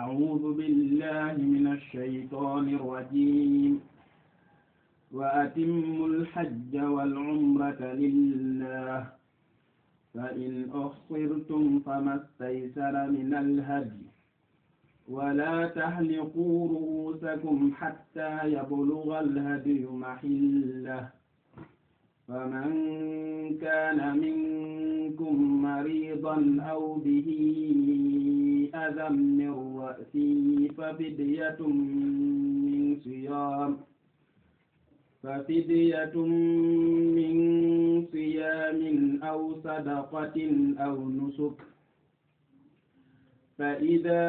أعوذ بالله من الشيطان الرجيم وأتموا الحج والعمرة لله فإن أحصرتم فما استيسر من الهدي ولا تحلقوا رؤوسكم حتى يبلغ الهدي محله فمن كان منكم مريضا أو به أذى من رأسه ففدية من صيام ففدية من صيام أو صدقة أو نسك فإذا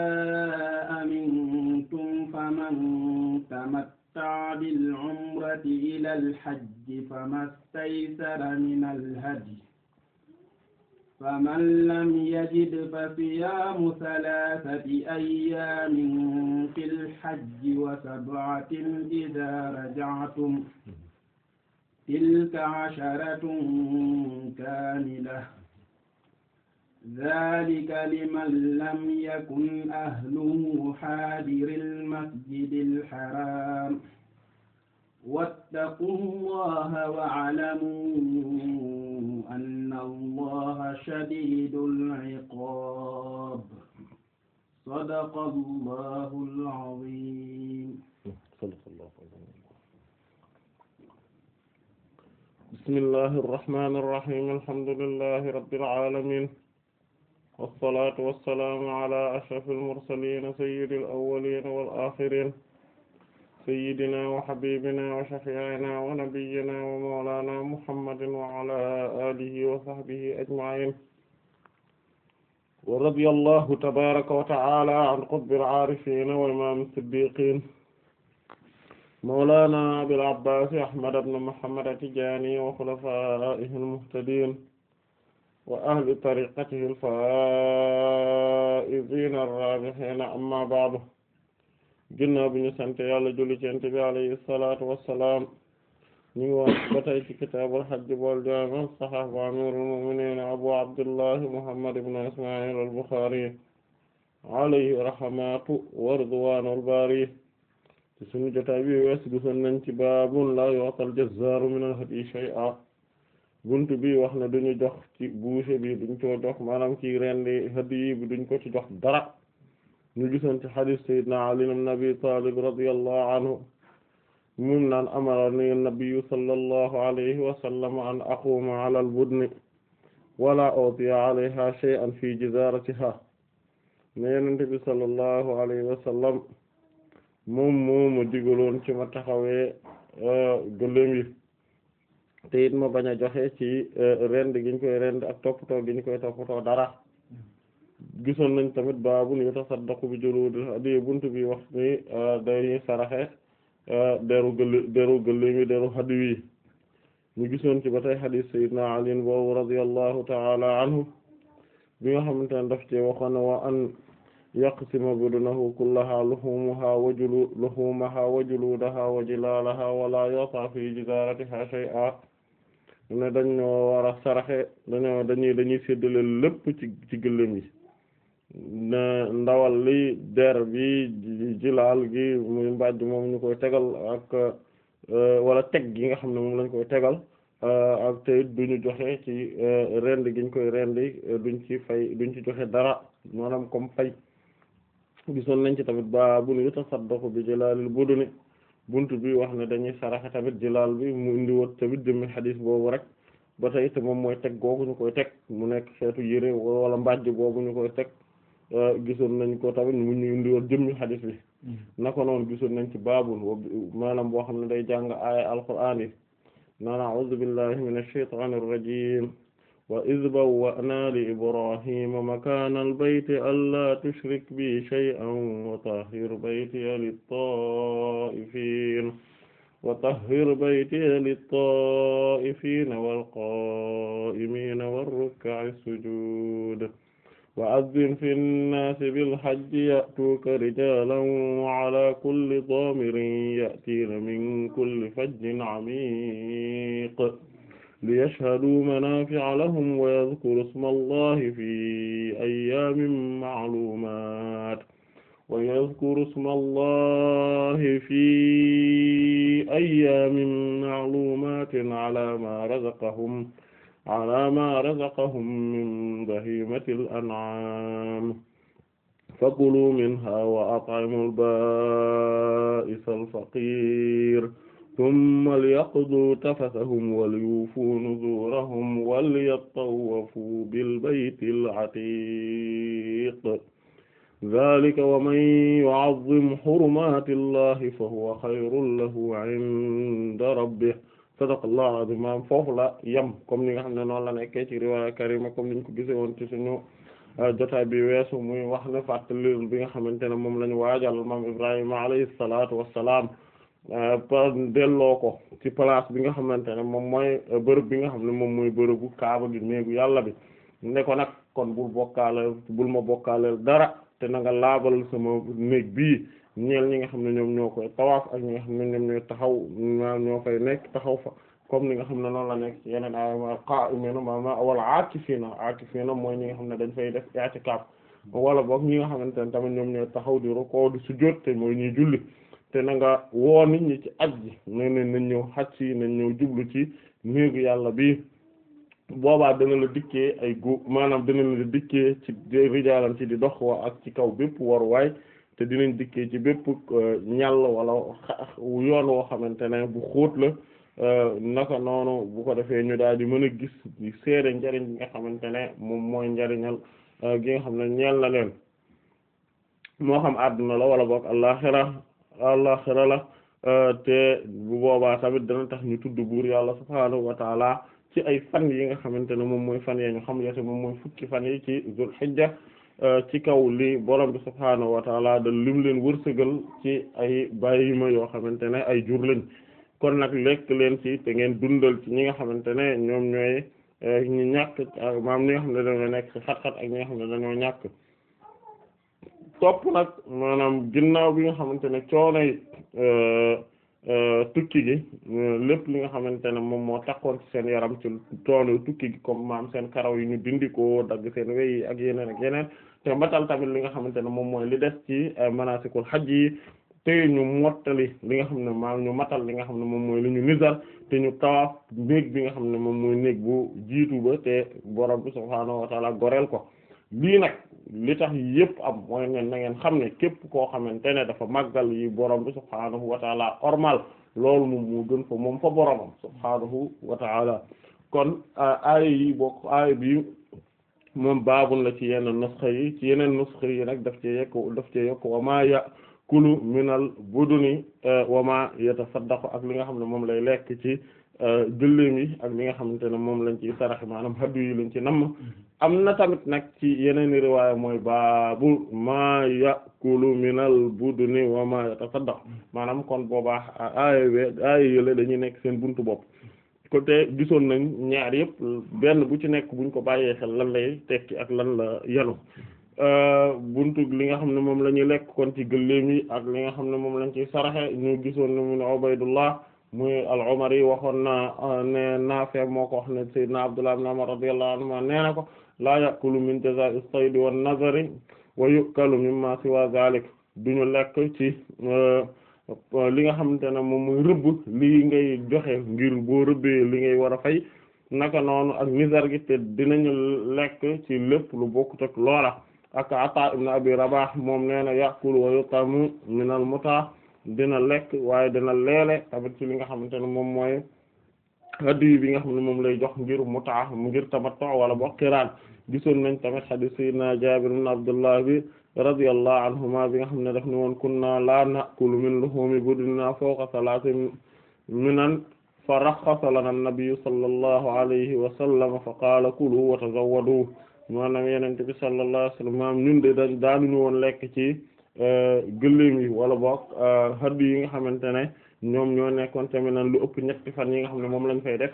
أمنتم فمن تمتع بالعمرة إلى الحج فما استيسر من الهدي فمن لم يجد فصيام ثلاثة أيام في الحج وسبعة إذا رجعتم تلك عشرة كاملة ذلك لمن لم يكن أهله حاضر المسجد الحرام واتقوا الله واعلموا الله شديد العقاب صدق الله العظيم صدق الله بسم الله الرحمن الرحيم الحمد لله رب العالمين والصلاة والسلام على أشرف المرسلين سيد الأولين والآخرين سيدنا وحبيبنا وشفيعنا ونبينا ومولانا محمد وعلى آله وصحبه أجمعين ورضي الله تبارك وتعالى عن قطب العارفين وإمام الصديقين مولانا أبي العباس أحمد بن محمد التجاني وخلفائه المهتدين وأهل طريقته الفائزين الرابحين أما بعد ginnaaw bi ñu sant yàlla julli ci yonent bi alayhi salaatu ñu ngi woon ba tey ci kitaabul hajj bool jaami' sahiih bu amiiril mu'miniin abu abdullahi muhammad ibn isma'il al-Bukhari alayhi rahmatu wa ridwaanul baari ci sunu jotaay bi wees gisoon nañ ci baabun laa yu'tal jazzaaru minal hadyi shay'an bunt bi wax na duñu jox ci boucher bi duñ ko jox maanaam ci rendi hadiyi bi duñ ko ci jox dara ñu gisoon ci hadith Ali ibn Abi Talib radiyallahu anhu mum naan amarani an-nabiyyu sallallahu alayhi wa an aquma ala budni wala utiya alayha shay'an fi jizaratiha ne Yonent bi sallallahu alayhi wa sallam moom moomu digaloon ci ma taxawee euh, gëléem yi te it ma bañ a joxe ci euh, rend giñ koy rend ak toppatoo giñ koy toppatoo dara gisoon nañ tamit baabu ni tasaddaqu bi juluudil hadiy buntu bi wax ni euh, dañuy saraxe euh, deru gël deru gëléemi deru hadiy yi gisoon ci ba tey hadis sayyidina Ali boobu radiyallahu ta'ala anhu bi nga xamante ne daf ci waxoon wa an yaqsima budunahu kullaha luhumuha wa julu luhumaha wa juludaha wa jilaalaha wa la yata fi jidaratiha shay'a ne dañoo war saraxe dañoo dañuy dañuy séddale lépp ci ci yi ndawal li der bi jilaal gi muy mbàjj moom ñu koy tegal ak euh, wala teg gi nga xam ne moom lañ koy tegal euh, ak te ñu joxe ci euh, rend giñ koy rendi duñ ci fay duñ ci joxe dara maanaam comme fay gisoon nañ ci tamit ba bu nu tasaddaqu bi jilaalil buduni bunt bi wax ne dañuy saraxe tamit jilaal bi mu indi woon tamit jëmmi xadiis boobu rek ba tey te moom mooy teg googu ñu koy teg mu nekk xeetu yëre wala mbàjj boobu ñu koy teg Euh, gisoon nañ ko tamit mu ñu indi woon jëmmi xadis bi mm. naka noonu gisoon nañ ci baabul maanaam boo xam ne day jàng aaya alquraan yi naan a'uuzu billahi minash shaytaanir rajiim wa iz bawwa'naa li ibraahiima makaanal bayti allaa tushrik bi shay'an wa tahhir baytiya lit-taa'ifiin wa tahhir baytiya lit-taa'ifiin wal qaa'imiin war rukka'i sujuud وأذن في الناس بالحج يأتوك رجالا وعلى كل ضامر يأتين من كل فج عميق ليشهدوا منافع لهم ويذكروا اسم الله في أيام معلومات ويذكروا اسم الله في أيام معلومات على ما رزقهم ala ma razaqahum min bahimatil an'am fakulu minha wa at'imul ba'isal faqir thumma liyaqdu tafasahum wa liyufu nuzurahum wa liyatawafu bil baytil atiq dhalika wa man yu'azzim hurumatil lahi fahuwa khayrun lahu 'inda rabbih sadaqallahu azim maanaam foofu la yem comme ni nga xam ne noonu la nekkee ci riwaaya karima comme ni ñu ko gisee woon ci suñu euh, jotaay bi weesu muy wax ne fàttali bi nga xamante ne moom lañu ñu waajal maam Ibrahima alayhi salaatu wassalaam euh, delloo ko ci place bi nga xamante ne moom mooy euh, bërëb bi nga xam ne moom mooy bërëbu kaaba gi néegu yàlla bi ne ko nag kon bul bokkaale bul ma bokkaaleel dara te na nga laabal sama néeg bi ñeel ñi nga xam ne ñoom ñoo koy tawaaf ak ñi nga xam ne ñoom ñooy taxaw maanaam ñoo fay nekk taxaw fa comme ni nga xam ne noonu la nekk yeneen ay qaa'imina maanaam wala aakifiina aakifiina mooy ñi nga xam ne dañ fay def i'tikaaf wala boog ñi nga xamante ne tamit ñoom taxaw di rukoo di sujjóot te mooy ñuy julli te na nga woo nit ñi ci aj ji ne ne nañ ñëw xaj nañ ñëw jublu ci néegu yàlla bi boobaa dana la dikkee ay gu maanaam dana la dikkee ci rijaalan ci di dox wa ak ci kaw bépp war te dinañ dikkee ci bépp euh, ñàll wala yoon woo xamante ne bu xuut la euh, naka noonu bu ko defee ñu daal di mën a gis di seede njariñ bi nga xamante ne moom mooy njariñal euh, gi nga xam ne ñeel na leen moo xam àdduna la wala boog àllaxira àllaxira la te bu boobaa tamit dana tax ñu tudd buur yàlla subhaanahu wa ci ay fan yi nga xamante ne moom mooy fan ya ñu xam yate moom mooy fukki fan yi ci zul hijja ci kaw li borom bi subhaanahu wa taala da lim leen wërsëgal ci ay bàyyima yoo xamante ne ay jur lañ kon nag lekk leen ci te ngeen dundal ci ñi nga xamante ne ñoom ñooy eh, ñi maam ñi xam ne dañoo nekk ci xat-xat ak ñi nga xam ne dañoo ñàkk topp nag maanaam ginnaaw bi nga xamante ne coono yi eh, Euh, tukki gi euh, lépp li nga xamante ne moom moo takkoon seen yaram ci toolu tukki gi comme maam seen karaw yi ñu dindi dagg seen wey ak yeneen ak yeneen te mbatal tamit li nga xamante ne moom mooy li des ci euh, manasikul xaj yi te ñu mottali li nga xam ne maam ñu matal li nga xam ne moom mooy li ñu nizar te ñu tawaaf néeg bi nga xam ne moom mooy néeg bu jiitu ba te borom bi subhaanahu wa goreel ko lii nag li tax yëpp am mooy ngeen ngeen xam ne képp koo xamante ne dafa màggal yi borom bi subhaanahu wa taala ormal loolu moom moo gën fa moom fa boromam subhaanahu wa taala kon aaya yi bokk aaya bi moom baabul la ci yenn nusxa yi ci yeneen nusxa yi nag daf cee yekk daf cee yekk wa maa yakulu minal buduni e, wa maa ak li nga xam ne moom lay lekk ci gëléem e, yi ak li nga xamante ne moom lañ ci sarax maanaam haddu yi lañ ci namm am na tamit nag ci yeneen riwaaya mooy baabu maa yakulu minal budni wa ma yatasaddaq maanaam kon boobaa aaya we aaya yële dañuy nekk seen buntu bopp côté gisoon nañ ñaar yëpp benn bu ci nekk buñ ko bàyyee xel lan lay tekki ak lan la yelu euh, buntu li nga xam ne moom la ñuy lekk kon ci gëléem yi ak li nga xam ne moom lañ ciy saraxe ñu gisoon ne mu ne Ubaydullah muy al-Umari waxoon na euh, ne Naafi' moo ko wax ne Sayyidina Abdullah ibn Umar radiyallahu anhuma nee na ko laa ya'kulu min jazaa'i as-sayd wan-nadhari wa yu'kalu mimma siwa dhalik duñu lekk ci euh, li nga xamante ne moom muy rëbb ngay joxe ngir boo rëbbee li ngay war a fay naka noonu ak nizar gi te dinañu lekk ci lépp lu bokkut ak loola ak Ataa ibn Abi Rabaah moom nee na ya'kulu wa yut'amu min al dina lekk waaye dina leele tamit ci li nga xamante ne moom mooy addi bi nga xam ne moom lay jox ngir mutaa ngir tamattu wala boog qiraan gisoon nañ tamit hadith sayyidina Jaabir ibn Abdullah bi radiyallahu anhuma bi nga xam ne daf ne woon kunna la na'kulu min luhumi budinina fawqa salati minan fa rakhkhasa lana an-nabiyyu sallallahu alayhi wa sallam fa qaala kulu wa tazawwadu maanaam yonent bi sallallahu alayhi wa lekk ci Euh, gëléem yi wala boog haddu euh, yi nga xamante ne ñoom ñoo nekkoon tamit naan lu ëpp ñetti fan yi nga xam ne moom lañ fay def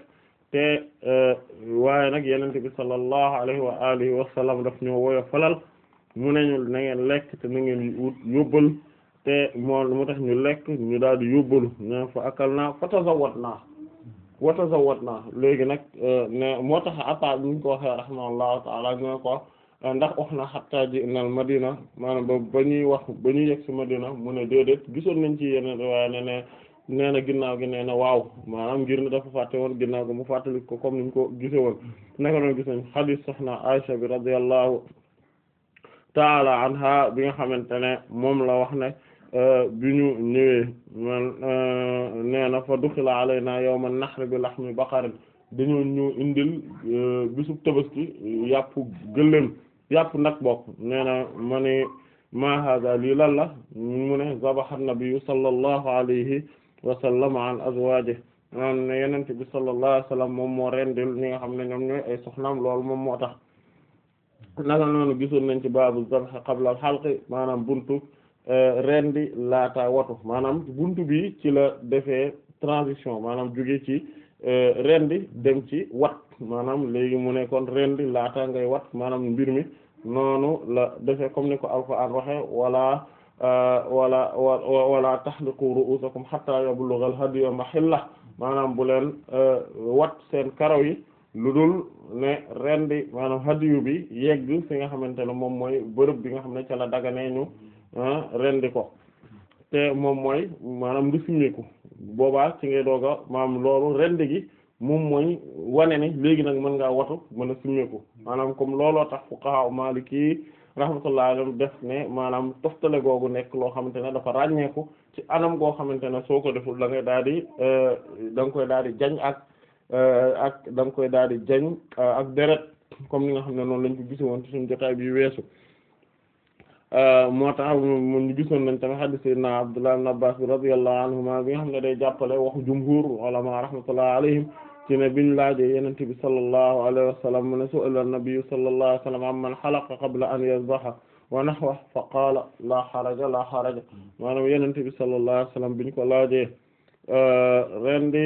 te euh, waaye nag yenente bi sallallahu alayhi wa alihi wa sallam daf ñoo woyo falal mu ne ñu nangeen ngeen lekk te na ngeen te moo mu tax ñu lekk ñu daal di yóbbalu ne fa akal naa fa tazawat naa wa tazawat naa léegi nag ne moo tax atta ñu ko waxee rahimahullahu taala ñu ko Euh, ndax wax na xattaa ji nal madina maanaam ba ba ñuy wax ba ñuy yegg si madina mu ne déedéet gisoon nañ ci yeneen waaye ne ne ginnaaw gi nee na waaw maanaam ngir ne dafa fàtte woon ginnaaw gi mu fàttali ko comme niñ ko gise woon naka noon gis nañ hadith soxna Aisha bi radiyallahu taala anha bi nga xamante ne moom la wax ne euh, bi ñu ñëwee man euh, nee na fa duxila alayna yawma nahr bi lahmi baqarin dañoo ñu indil bisub tabaski yàpp gëléem yàpp nag bokk nee na ma ne ma lii lan la mu ne zabaha an-nabiyyu sallallahu alayhi wa sallam an azwaajihi maanaam ne yenente bi sallallahu alayhi moom moo rendil ñi nga xam ne ñoom ñooy ay soxnaam loolu moom moo tax naka noonu gisoon nañ ci baabu zabh qabla al-halqi maanaam buntu eh, rendi laata watu maanaam buntu bi ci la defee transition maanaam jóge ci eh, rendi dem ci wat maanaam léegi mu ne kon rendi laata ngay wat maanaam mbir mi noonu la defee comme ni ko alquran waxe wala euh, wala wala tahliqu ru'usakum hatta yablugha al-hadyu mahillah maanaam bu leen euh, wat seen karaw yi lu dul ne rendi maanaam hadiyu bi yegg fi nga xamante ne moom mooy bërëb bi nga xam ne ca la daganee ñu euh, rendi ko te moom mooy maanaam lu simmiku boobaa ci ngay dooga maanaam loolu rendi gi moom mooy wane ne léegi nag mën ngaa watu mën a summeeku maanaam comme looloo tax fuqaha maliki rahmatullahi alayhim def ne maanaam toftale googu nekk loo xamante ne dafa ràññeeku ci anam goo xamante ne soo ko deful da ngay daal di euh, da nga koy daal di jañ ak euh, ak da koy daal di jañ euh, ak deret comme ni nga xam ne noonu lañ ko gise woon ci suñu jotaay bi weesu moo tax mu ñu gisoon nañ tamit hadith sayyidina Abdullah ibn Abbas bi radiyallahu anhuma bi nga xam ne day jàppale waxu jumhur ulama rahmatullahi alayhim ci ne biñ laaje yenente bi sallallahu alayhi wa sallam mu ne su'ila an-nabiyyu sallallahu alayhi wa sallam amman halaqa qabla an yadhbaha wa nahwa fa qaala la haraja la haraja maanaam yenente bi sallallahu alayhi wa sallam biñ ko laajee euh, rendi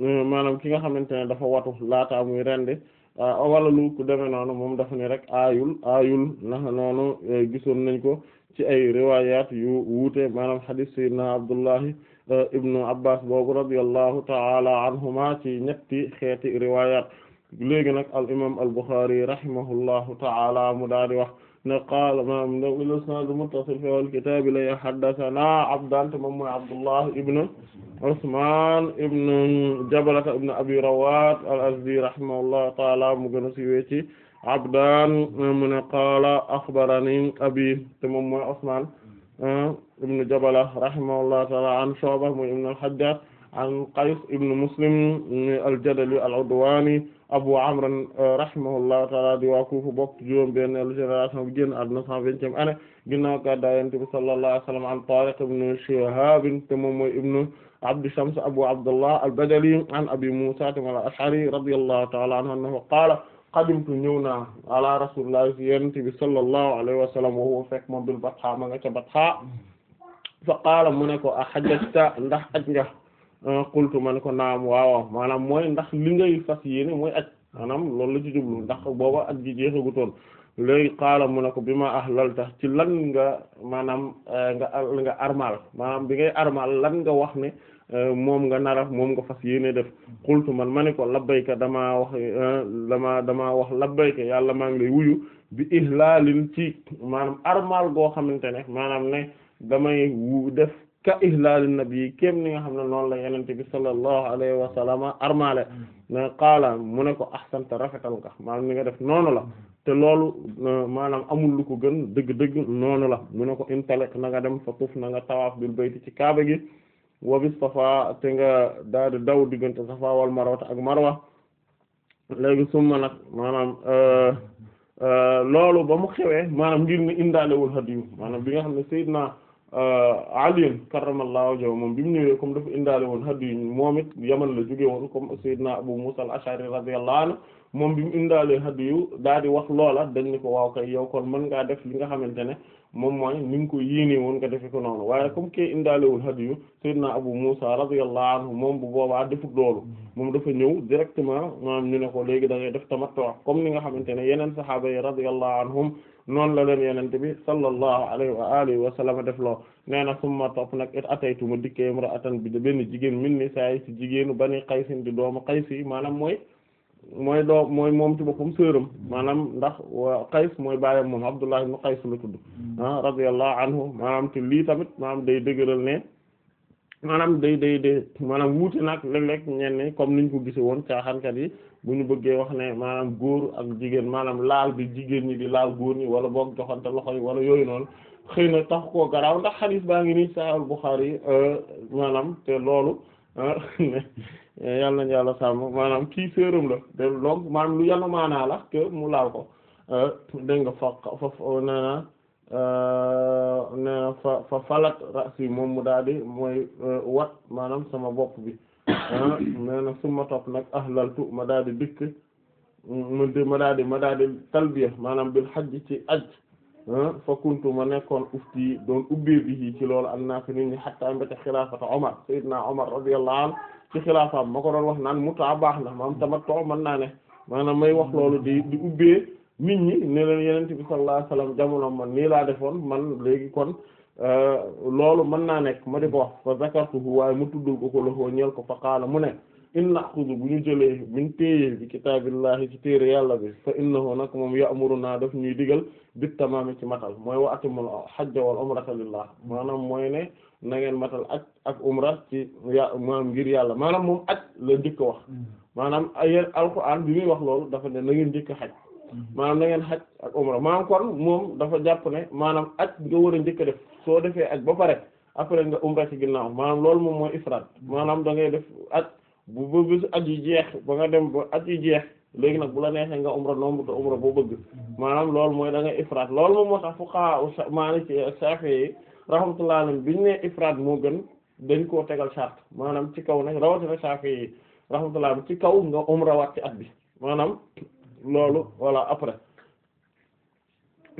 euh, maanaam ki nga xamante ne dafa watu laataa muy rendi euh, wala lu ko demee noonu moom dafa ne rek aayul aayul ndax noonu gisoon nañ ko ci ay riwaayaat yu wuute maanaam hadith sayyidina Abdullahi Euh, ibnu abbas boobu radiyallahu ta'ala anhuma ci ñetti xeeti riwayat léegi nag al imam al bukhari rahimahullahu ta'ala mu daal di wax ne qaala mam lisnad muttasil fi al kitab la haddathana abdan moom mooy abdullah ibn usman ibn jabalata ibn abi rawat al azdi rahimahullahu ta'ala mu gën a siiwe ci abdan mu ne qaala akhbarani abi te moom mooy usman ibn Jabala rahimahullahu ta'ala an Shu'ba muy ibn al-Hajjaj an Qays ibn Muslim al-Jadali al-Udwani Abu Amr euh, rahimahullahu ta'ala di waa Kufa bokk juróom-benneelu génération bi génn àdduna 120e année ginnaaw gàddaay Yonent bi sallallahu alayhi wa sallam an Tariq ibn Shihab te moom mooy ibn Abd Shams Abu Abdullah al-Bajali an Abi Musa al-Ash'ari radiyallahu ta'ala anhu annahu qala qadimtu ñëw naa ala rasulillah si yenente bi sallallahu alayhi wa sallam waxuwa fekk moom bil batha ma nga ca batha fa qaala mu ne ko a hajjata ndax aj nga ah, qultu ma ne ko naam waaw maanaam mooy ndax li ngay fas yéene mooy aj maanaam loolu la ci jublu ndax booba aj gi jeexagutoon léegi qaala mu ne ko bi ma ahlalta ci lan nga maanaam eh, nga nga armal maanaam bi ngay armal lan nga wax ne Euh, moom nga nara moom nga fas yéene def xultu man ma ne ko labbayka damaa wax euh, damaa damaa wax labbayka yàlla maa ngi lay wuyu bi ihlalin ci maanaam armal goo xamante ne maanaam ne damay wu def ka ihlalin nabi kéem ni nga xam ne noonu la yenente bi sallallahu alayhi wa sallama armale na qaala mu ne ko ahsanta rafetal nga maanaam ni nga def noonu la te loolu maanaam amul lu ko gën dëgg-dëgg noonu la mu ne ko intalik na nga dem fa tuf na nga tawaaf bil bayti ci kaaba gi wa bis safa te nga daal di diggante safa wal marwa ak marwa léegi summa nag maanaam euh, euh, loolu ba mu xewee maanaam ngir ne indaalewul hadiyu maanaam bi nga xam ne Seydina euh, Ali karramallahu wajhahu moom bi mu ñëwee comme indaale woon hadiyu moom it Yaman la jóge woon comme Seydina Abu Musa al-Ash'ari radiyallahu anhu moom bi mu indaalee hadiyu daal di wax loola dañ ne mën ngaa def li nga xamante ne moom mooy ni nga ko yéene woon nga defe ko noonu waaye comme que indaalewul hadiyu sayyidina Abu Musa radiyallahu anhu moom bu boobaa defut loolu moom dafa ñëw directement maanaam ñu ne ko léegi da ngay def tamattu comme ni nga xamante ne yeneen sahaaba yi radiyallahu anhum noonu la leen yenente bi sallallahu alayhi wa alihi wa sallam def loo nee na summa topp nag it ataytuma dikkee imra'atan bi benn jigéen min ni saa yi ci jigéenu bani Qays di doomu Qays yi maanaam mooy mooy doo mooy moom ci boppam sëram maanaam ndax wa Qays mooy baayam moom Abdullah ibn Qays la tudd hmm. ah radiyallahu anhu maanaam te lii tamit maanaam day dëgëral ne maanaam day day day maanaam wuute nag léeg-léeg ñenn comme niñ ko gise woon caaxaankat yi bu ñu bëggee wax ne maanaam góor ak jigéen maanaam laal bi jigéen ñi di laal góor ñi wala boog joxante loxo yi wala yooyu noonu xëy na tax koo garaaw ndax xadiis baa ngi nii Sahih Bukhari euh, maanaam te loolu euh, Eh, yàlla na yàlla sàmm maanaam kii séeram la te donc maanaam lu yàlla maanaala la mu laal ko eh, dégg nga fa na eh, na fa fa falat rasi moom mu daal mooy wat maanaam sama bopp bi nee na su ma topp nag ma daal di dikk mm, ma di ma daal di talbiya maanaam bil hajj ci aj fa kuntu ma nekkoon ufti doon ubbee bi ci loolu am naa ko nit ñi hatta mbéte xilaafata Omar Seydina Omar radiyallahu anhu ci xilaafaam ma ko doon wax naan taa baax na maanaam tamattu man naa ne maanaam may wax loolu di di ubbee nit ñi ne leen yenent bi sallallahu alayhi jamono man nii laa defoon man léegi kon euh, loolu man naa nekk ma di ko wax fa zakartuhu waaye mu tuddul ko ko loxoo ñeel ko fa qaala mu ne in naxudu bu ñu jëlee min téye bi kitaabillahi ci téere yàlla bi fa innahu nag moom naa def ñuy digal bit tamaami ci matal mooy wa atimul hajja wal umrata lillah maanaam na ngeen matal ak umra ci ya maanaam ngir yàlla maanaam moom aj la njëkk wax mm. maanaam ay alquran bi muy wax loolu dafa ne na ngeen njëkk xaj mm. maanaam na ngeen xaj ak umra maanaam kon dafa jàpp ne maanaam aj nga war a def soo defee aj ba pare après nga umra ci ginnaaw maanaam loolu moom mooy ifraat maanaam da ngay def aj bu ba bisu yi jeex ba nga dem ba aj yi jeex léegi nag bu la neexee nga umra nombre te umra boo bëgg mm. maanaam loolu mooy da ifraat loolu moom moo tax fuqaha maanaam ci Shafi'i rahmatullah bi biñ ne ifraad moo gën dañ koo tegal charte maanaam ci kaw nag rawatina saako yi rahmatullah ci kaw nga umra waat ci at bi maanaam loolu voilà après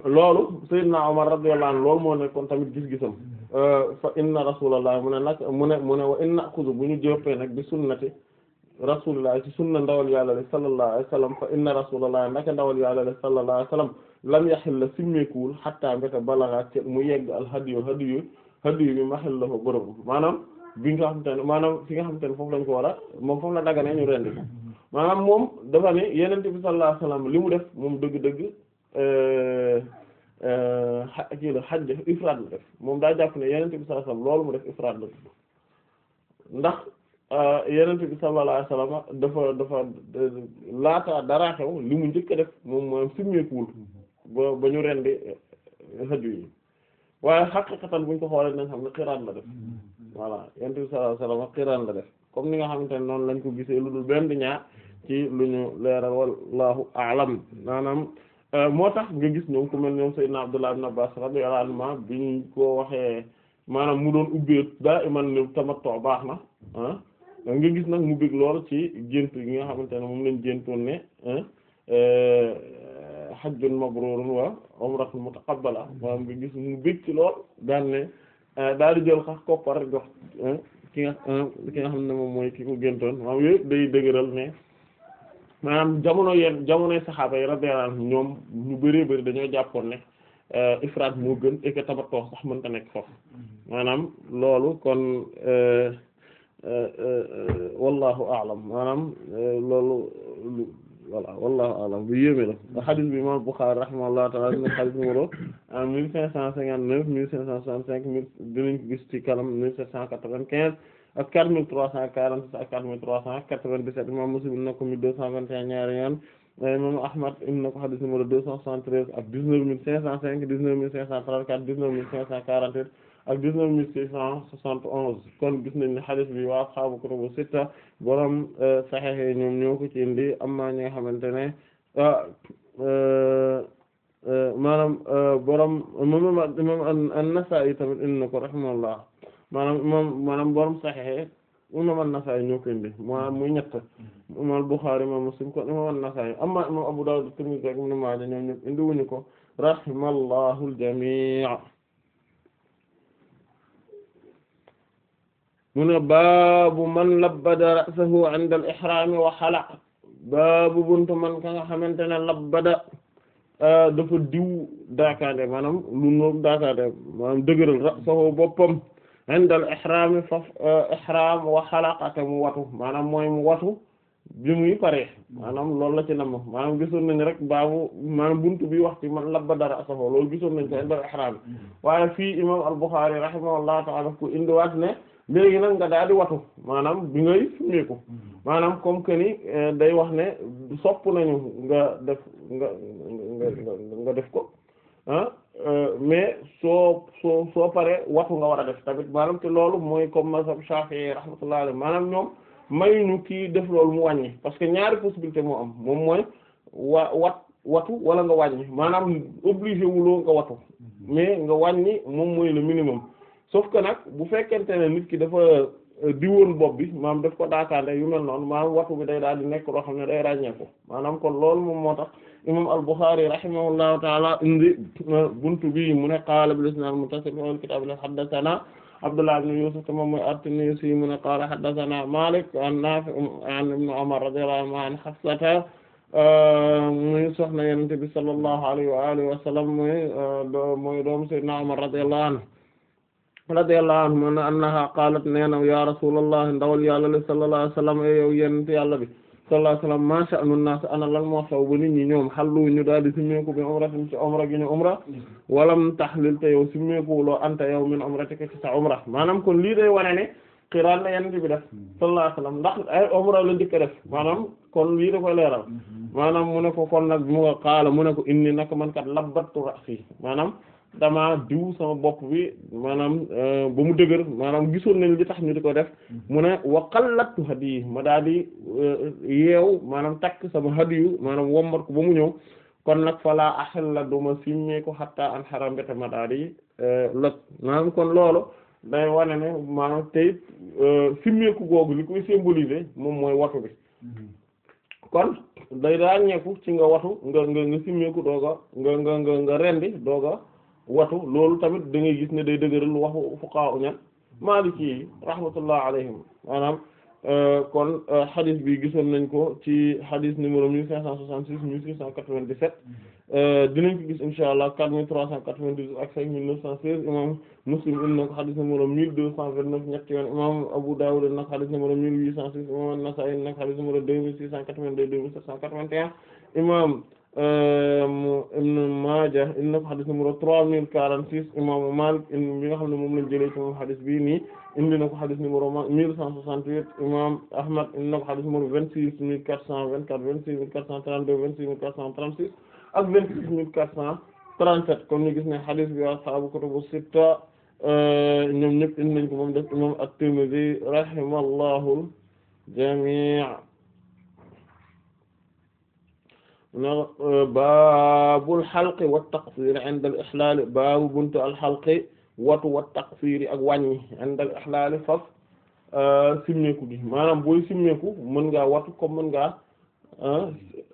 loolu Seydina Omar radiyallahu anhu loolu moo nekkoon tamit gis-gisam euh, fa inna rasulullah mu ne nag mu ne mu ne wa inna xudu bu ñu jëppee nag bi sunnati rasulullah ci sunna ndawal yàlla sallallahu alayhi wasallam fa inna rasulullah naka ndawal yàlla sallallahu alayhi wasallam lam yaxil la simmeekuwul xattaa mbéta balaga mu yegg al hadiyu hadiyu hadiyu bi maxil la ko bërëbu maanaam bi nga xamante ne maanaam fi nga xamante ne foofu lañ ko war a moom foofu la daganee ñu rendi maanaam moom dafa ne yenente bi sallallahu alayhi wasallam li mu def moom dëgg-dëgg euh, euh, kii la xaj def ifraad la def moom daa jàpp ne yenente bi sallallahu alayhi wasallam loolu mu def ifraad la ndax euh, yenente bi sallallahu alayhi wasallam dafa dafa laata dara xew li mu njëkk a def moom maanaam simmeekuwul ba ba ñu rendi eh, xëju yi waaye xaqiqatan buñ ko xoolee dinañ xam ne xiraan la def mm-hmm. voilà yonent bi sallallahu alayhi wasallam xiraan la def comme ni nga xamante ne noonu lañ ko gisee lu dul benn ñaar ci lu ñu leeral wallahu a'lam maanaam eh, moo tax nga gis ñoom ku mel ñoom Seydina Abdullah ibn Abbas radiyallahu anhuma bi ñu ko waxee maanaam mu doon daa iman baax na ah nga gis nag mu bëgg lool ci gént yi nga xamante ne moom lañ géntoon ne ah, eh, hajjun mabrurun wa umratun mutaqabbala maanaam mu bëgg lool daan ne eh, daal di jël sax koppar eh, eh, ki nga xam ne moom mooy ki ko géntoon maanaam yëpp day dëgëral ne maanaam jamono yenn jamonoy saxaaba yi radiyallahu anhum ñoom ñu bëree bëri dañoo jàppoon ne ifraat moo gën et que tamattu sax mënta nekk foofu maanaam loolu kon wallahu a'lam maanaam loolu. voilà wallahu alam bu yéeme la te mm-hmm. xadis bi imam Bukhari rahimahullahu ta'ala dina xadis numéro mille cinq cent cinquante-neuf mille cinq cent cinq mille dinañ gis ci kanam sept cent quatre-vingt-quinze quatre mille trois cent quarante-six quatre mille trois cent quatre-vingt-dix-sept imam Muslim na ko mille deux cent vingt et un ñaari yoon euh, imam Ahmad indi ko xadis numéro deux cent soixante-treize ak dix-neuf cinq cent cinq dix-neuf cinq cent trente-quatre dix ak dix-neuf mille six cent soixante onze kon gis nañ ne hadith bi waa ashaabu kutubu sitta borom euh, saxiix ñoom ñoo ko ci indi amma ñi nga xamante ne ah, euh, euh, maanaam borom moom imam an yi tamit indi na ko rahimahullah maanaam moom maanaam borom saxiix imam an-Nasaa'i ñoo ko indi maanaam muy ñett imam al-Bukhari imam Muslim kon imam an-Nasaa'i amma imam Abu Dawud Tirmidhi ak Ibn Maaja ñoom ñëpp indi wuñu ko rahimallahu al-jamii' mu ne baabu man labbada ra'sahu 'inda al-ihram wa baabu buntu man ka nga xamante ne labbada ah, dafa diw daakaande maanaam lu noog daakaande maanaam dëgëral ra'sahu boppam 'inda al faf ah, ihram wa halaqata mu watu maanaam mooy mu watu bi muy pare maanaam loolu la ci nam maanaam gisoon nañ rek baabu maanaam buntu bi wax ci man labbada ra'sahu loolu gisoon nañ ko 'inda al mm-hmm. waaye fii imam al-Bukhari rahimahullahu ta'ala ko indiwaat ne léegi nag nga daal di watu maanaam bi ngay summeeku mm-hmm. maanaam comme que ni eh, day wax ne sopp nañu nga def nga nga nga def ko ah eh, mais soo soo soo paree watu nga war a def tamit maanaam te loolu mooy comme mazhab Shafi'i rahmatullahi alayhi maanaam ñoom mayuñu kii def loolu mu wàññi parce que ñaari possibilité moo am moom mooy wa wat watu wala nga wàññi maanaam obligé wuloo nga watu mm-hmm. mais nga wàññi moom mooy le minimum sauf que nag bu fekkente ne nit ki dafa euh, diwoon bopp bi maam def ko daakaande yu mel noonu maam waxtu bi day daal di nekk loo xam ne day ràññeeku maanaam kon loolu moom moo tax imam al-Bukhari rahimahullahu taala indi euh, buntu bi mu ne qaala bil mu muttasil fil kitab la haddathana Abdullah ibn Yusuf moom mooy at-Tinnisi mu ne qaala haddathana Malik an Nafi' an ibn Umar radiyallahu anhu an Hafsata euh, muy soxna Yonent bi sallallahu alayhi wa alihi radiyallahu anhum annaha qalat nee na ya rasulullah ndawal yàlla la sallallahu alayhi wasallam yàlla bi sallallahu alayhi wasallam ma sha'nu an-nas ana lan moo xew ba nit ñi ñoom xallu ñu daal di simmeeku bi umratin ci umra gi ñu umra walam tahlil te yow simmeeku loo anta yow min umratika ci sa umra maanaam kon lii day wane ne xiraan la yonent bi def ndax ay umra la njëkk a def kon lii da koy leeral mm-hmm. maanaam mu ne ko kon nag mu nga qaala mu ne ko inni nak man kat labbattu ra'si maanaam dama diw sama bopp bi maanaam euh, ba mu dëgër maanaam gisoon nañ li tax ñu di ko def mu ne wa qallattu hadiyi ma daal di euh, yeew maanaam takk sama hadiyu maanaam wommat ko ba mu ñëw kon nag falaa ahilla duma simmee ko hatta an haram ma daal di euh, loj maanaam kon loolu day wane ne maanaam tey simmeeku googu li koy symboliser moom mooy watu bi kon day ràññeeku ci nga watu nga nga nga simmeeku dooga nga nga nga nga watu loolu tamit da ngay gis ne day dëgëral waxu fuqaha ñan maliki yi rahmatullah alayhim maanaam euh, kon euh, xadis bi gisoon nañ ko ci xadis numéro mille cinq cent soixante-six mille six cent quatre-vingt-dix-sept euh, dinañ ko gis insha allah quatre mille trois cent quatre-vingt-dix ak cinq mille neuf cent seize imam Muslim in na ko xadis numéro mille deux cent vingt-neuf ñetti yoon imam Abu Dawud in na ko xadis numéro mille huit cent six imam An-Nasa'i in na ko xadis numéro deux mille six cent quatre-vingt-deux deux mille sept cent quatre Ehm, ibn Maaja in na ko xadis numéro trois mille quarante six imaamu Maalik bi nga xam ne moom lañ jëlee ci moom xadis bii nii indi na ko xadis numéro mille cent soixante huit imaam Ahmad indi na ko xadis numéro vingt six mille quatre cent vingt quatre vingt six mille quatre cent trente deux vingt six mille quatre cent trente six ak vingt six mille quatre cent trente sept kon ñu gis ne xadis bi ashaabu kutubu sitta ehm, ñoom ñëpp indi nañ ko moom def imaam at-Tirmidhi rahimahullahu jami' E, baabul xalqi wa taqsiri inda al ihlal baabu buntu al xalqi watu wa ak wàññi inda al ihlal faf e, simmeeku gi maanaam booy simmeeku mën ngaa watu comme mën ngaa e,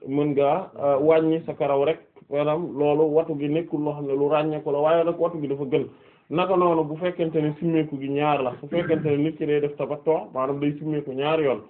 mën ngaa wàññi sa karaw rek maanaam loolu watu gi nekkul loo xam ne lu ràññeeku la waaye nag watu gi dafa gën naka noonu bu fekkente ne simmeeku gi ñaar la bu fekkente nit ki day def tabatto maanaam day simmeeku ñaar yoon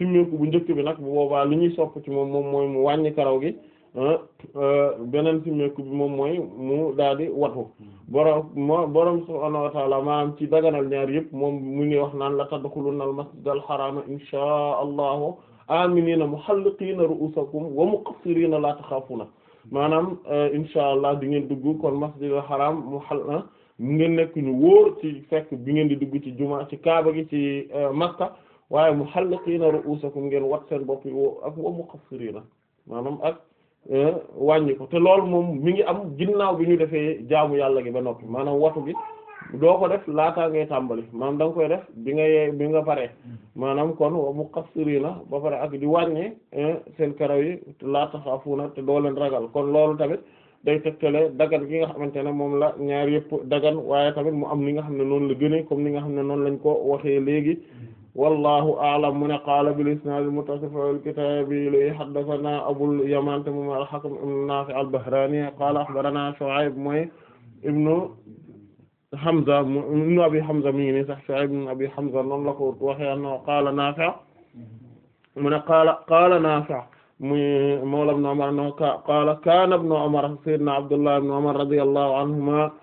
simmeeku bu njëkk bi nag bu boobaa li ñuy sopp ci moom moom mooy mu wàññi karaw gi ah, ah, beneen simmeeku bi moom mooy mu daal di watu borom moo borom subhaanahu wa taala maanaam ci daganal ñaar yëpp moom mu ngi wax naan la tadxulunna al masjidal xaraama inshaa na mu muhalliqiina ru'uusakum wa muqassiriina laa taxaafuuna maanaam eh, inshaa allah di ngeen dugg kon masjidal xaraam mu xal ah, mu ngeen nekk ñu wóor ci fekk bi ngeen di dugg ci juma ci kaaba gi ci eh, makka waaye xal na muhalliqiina ru'uusakum ngeen wat seen bopp yi woo ak wa na maanaam ak eh, wàññi ko te lool moom mi ngi am ginnaaw bi ñu defee jaamu yàlla gi ba noppi maanaam watu gi doo ko def laataa ngee tàmbali maam da nga koy def bi nga yee bi nga paree maanaam kon wa muqassiriina ba pare ak di wàññee eh, seen karaw yi laa taxaafuuna te doo leen ragal kon loolu tamit day te tegtale dagan gi nga xamante ne moom la ñaar yëpp dagan waaye tamit mu am li nga xam ne noonu la gënee comme ni nga xam ne noonu lañ ko waxee léegi wallahu a'lam mu ne qaala bil isnaad al muttasil fil kitaab li haddathanaa abul yamaan te moom al-Hakam ibn Naafi' al-Bahraani qaala akhbaranaa Shu'ayb mooy ibnu Hamza ibnu Abi Hamza mi ngi nii sax Shu'ayb ibnu Abi Hamza noonu la ko waxee annahu qaala Naafi' mu ne qaala qaala Naafi' muy mawlaa ibn Umar annahu qaala kaana ibnu Umar sayyidunaa Abdullah ibn Umar radiyallahu anhumaa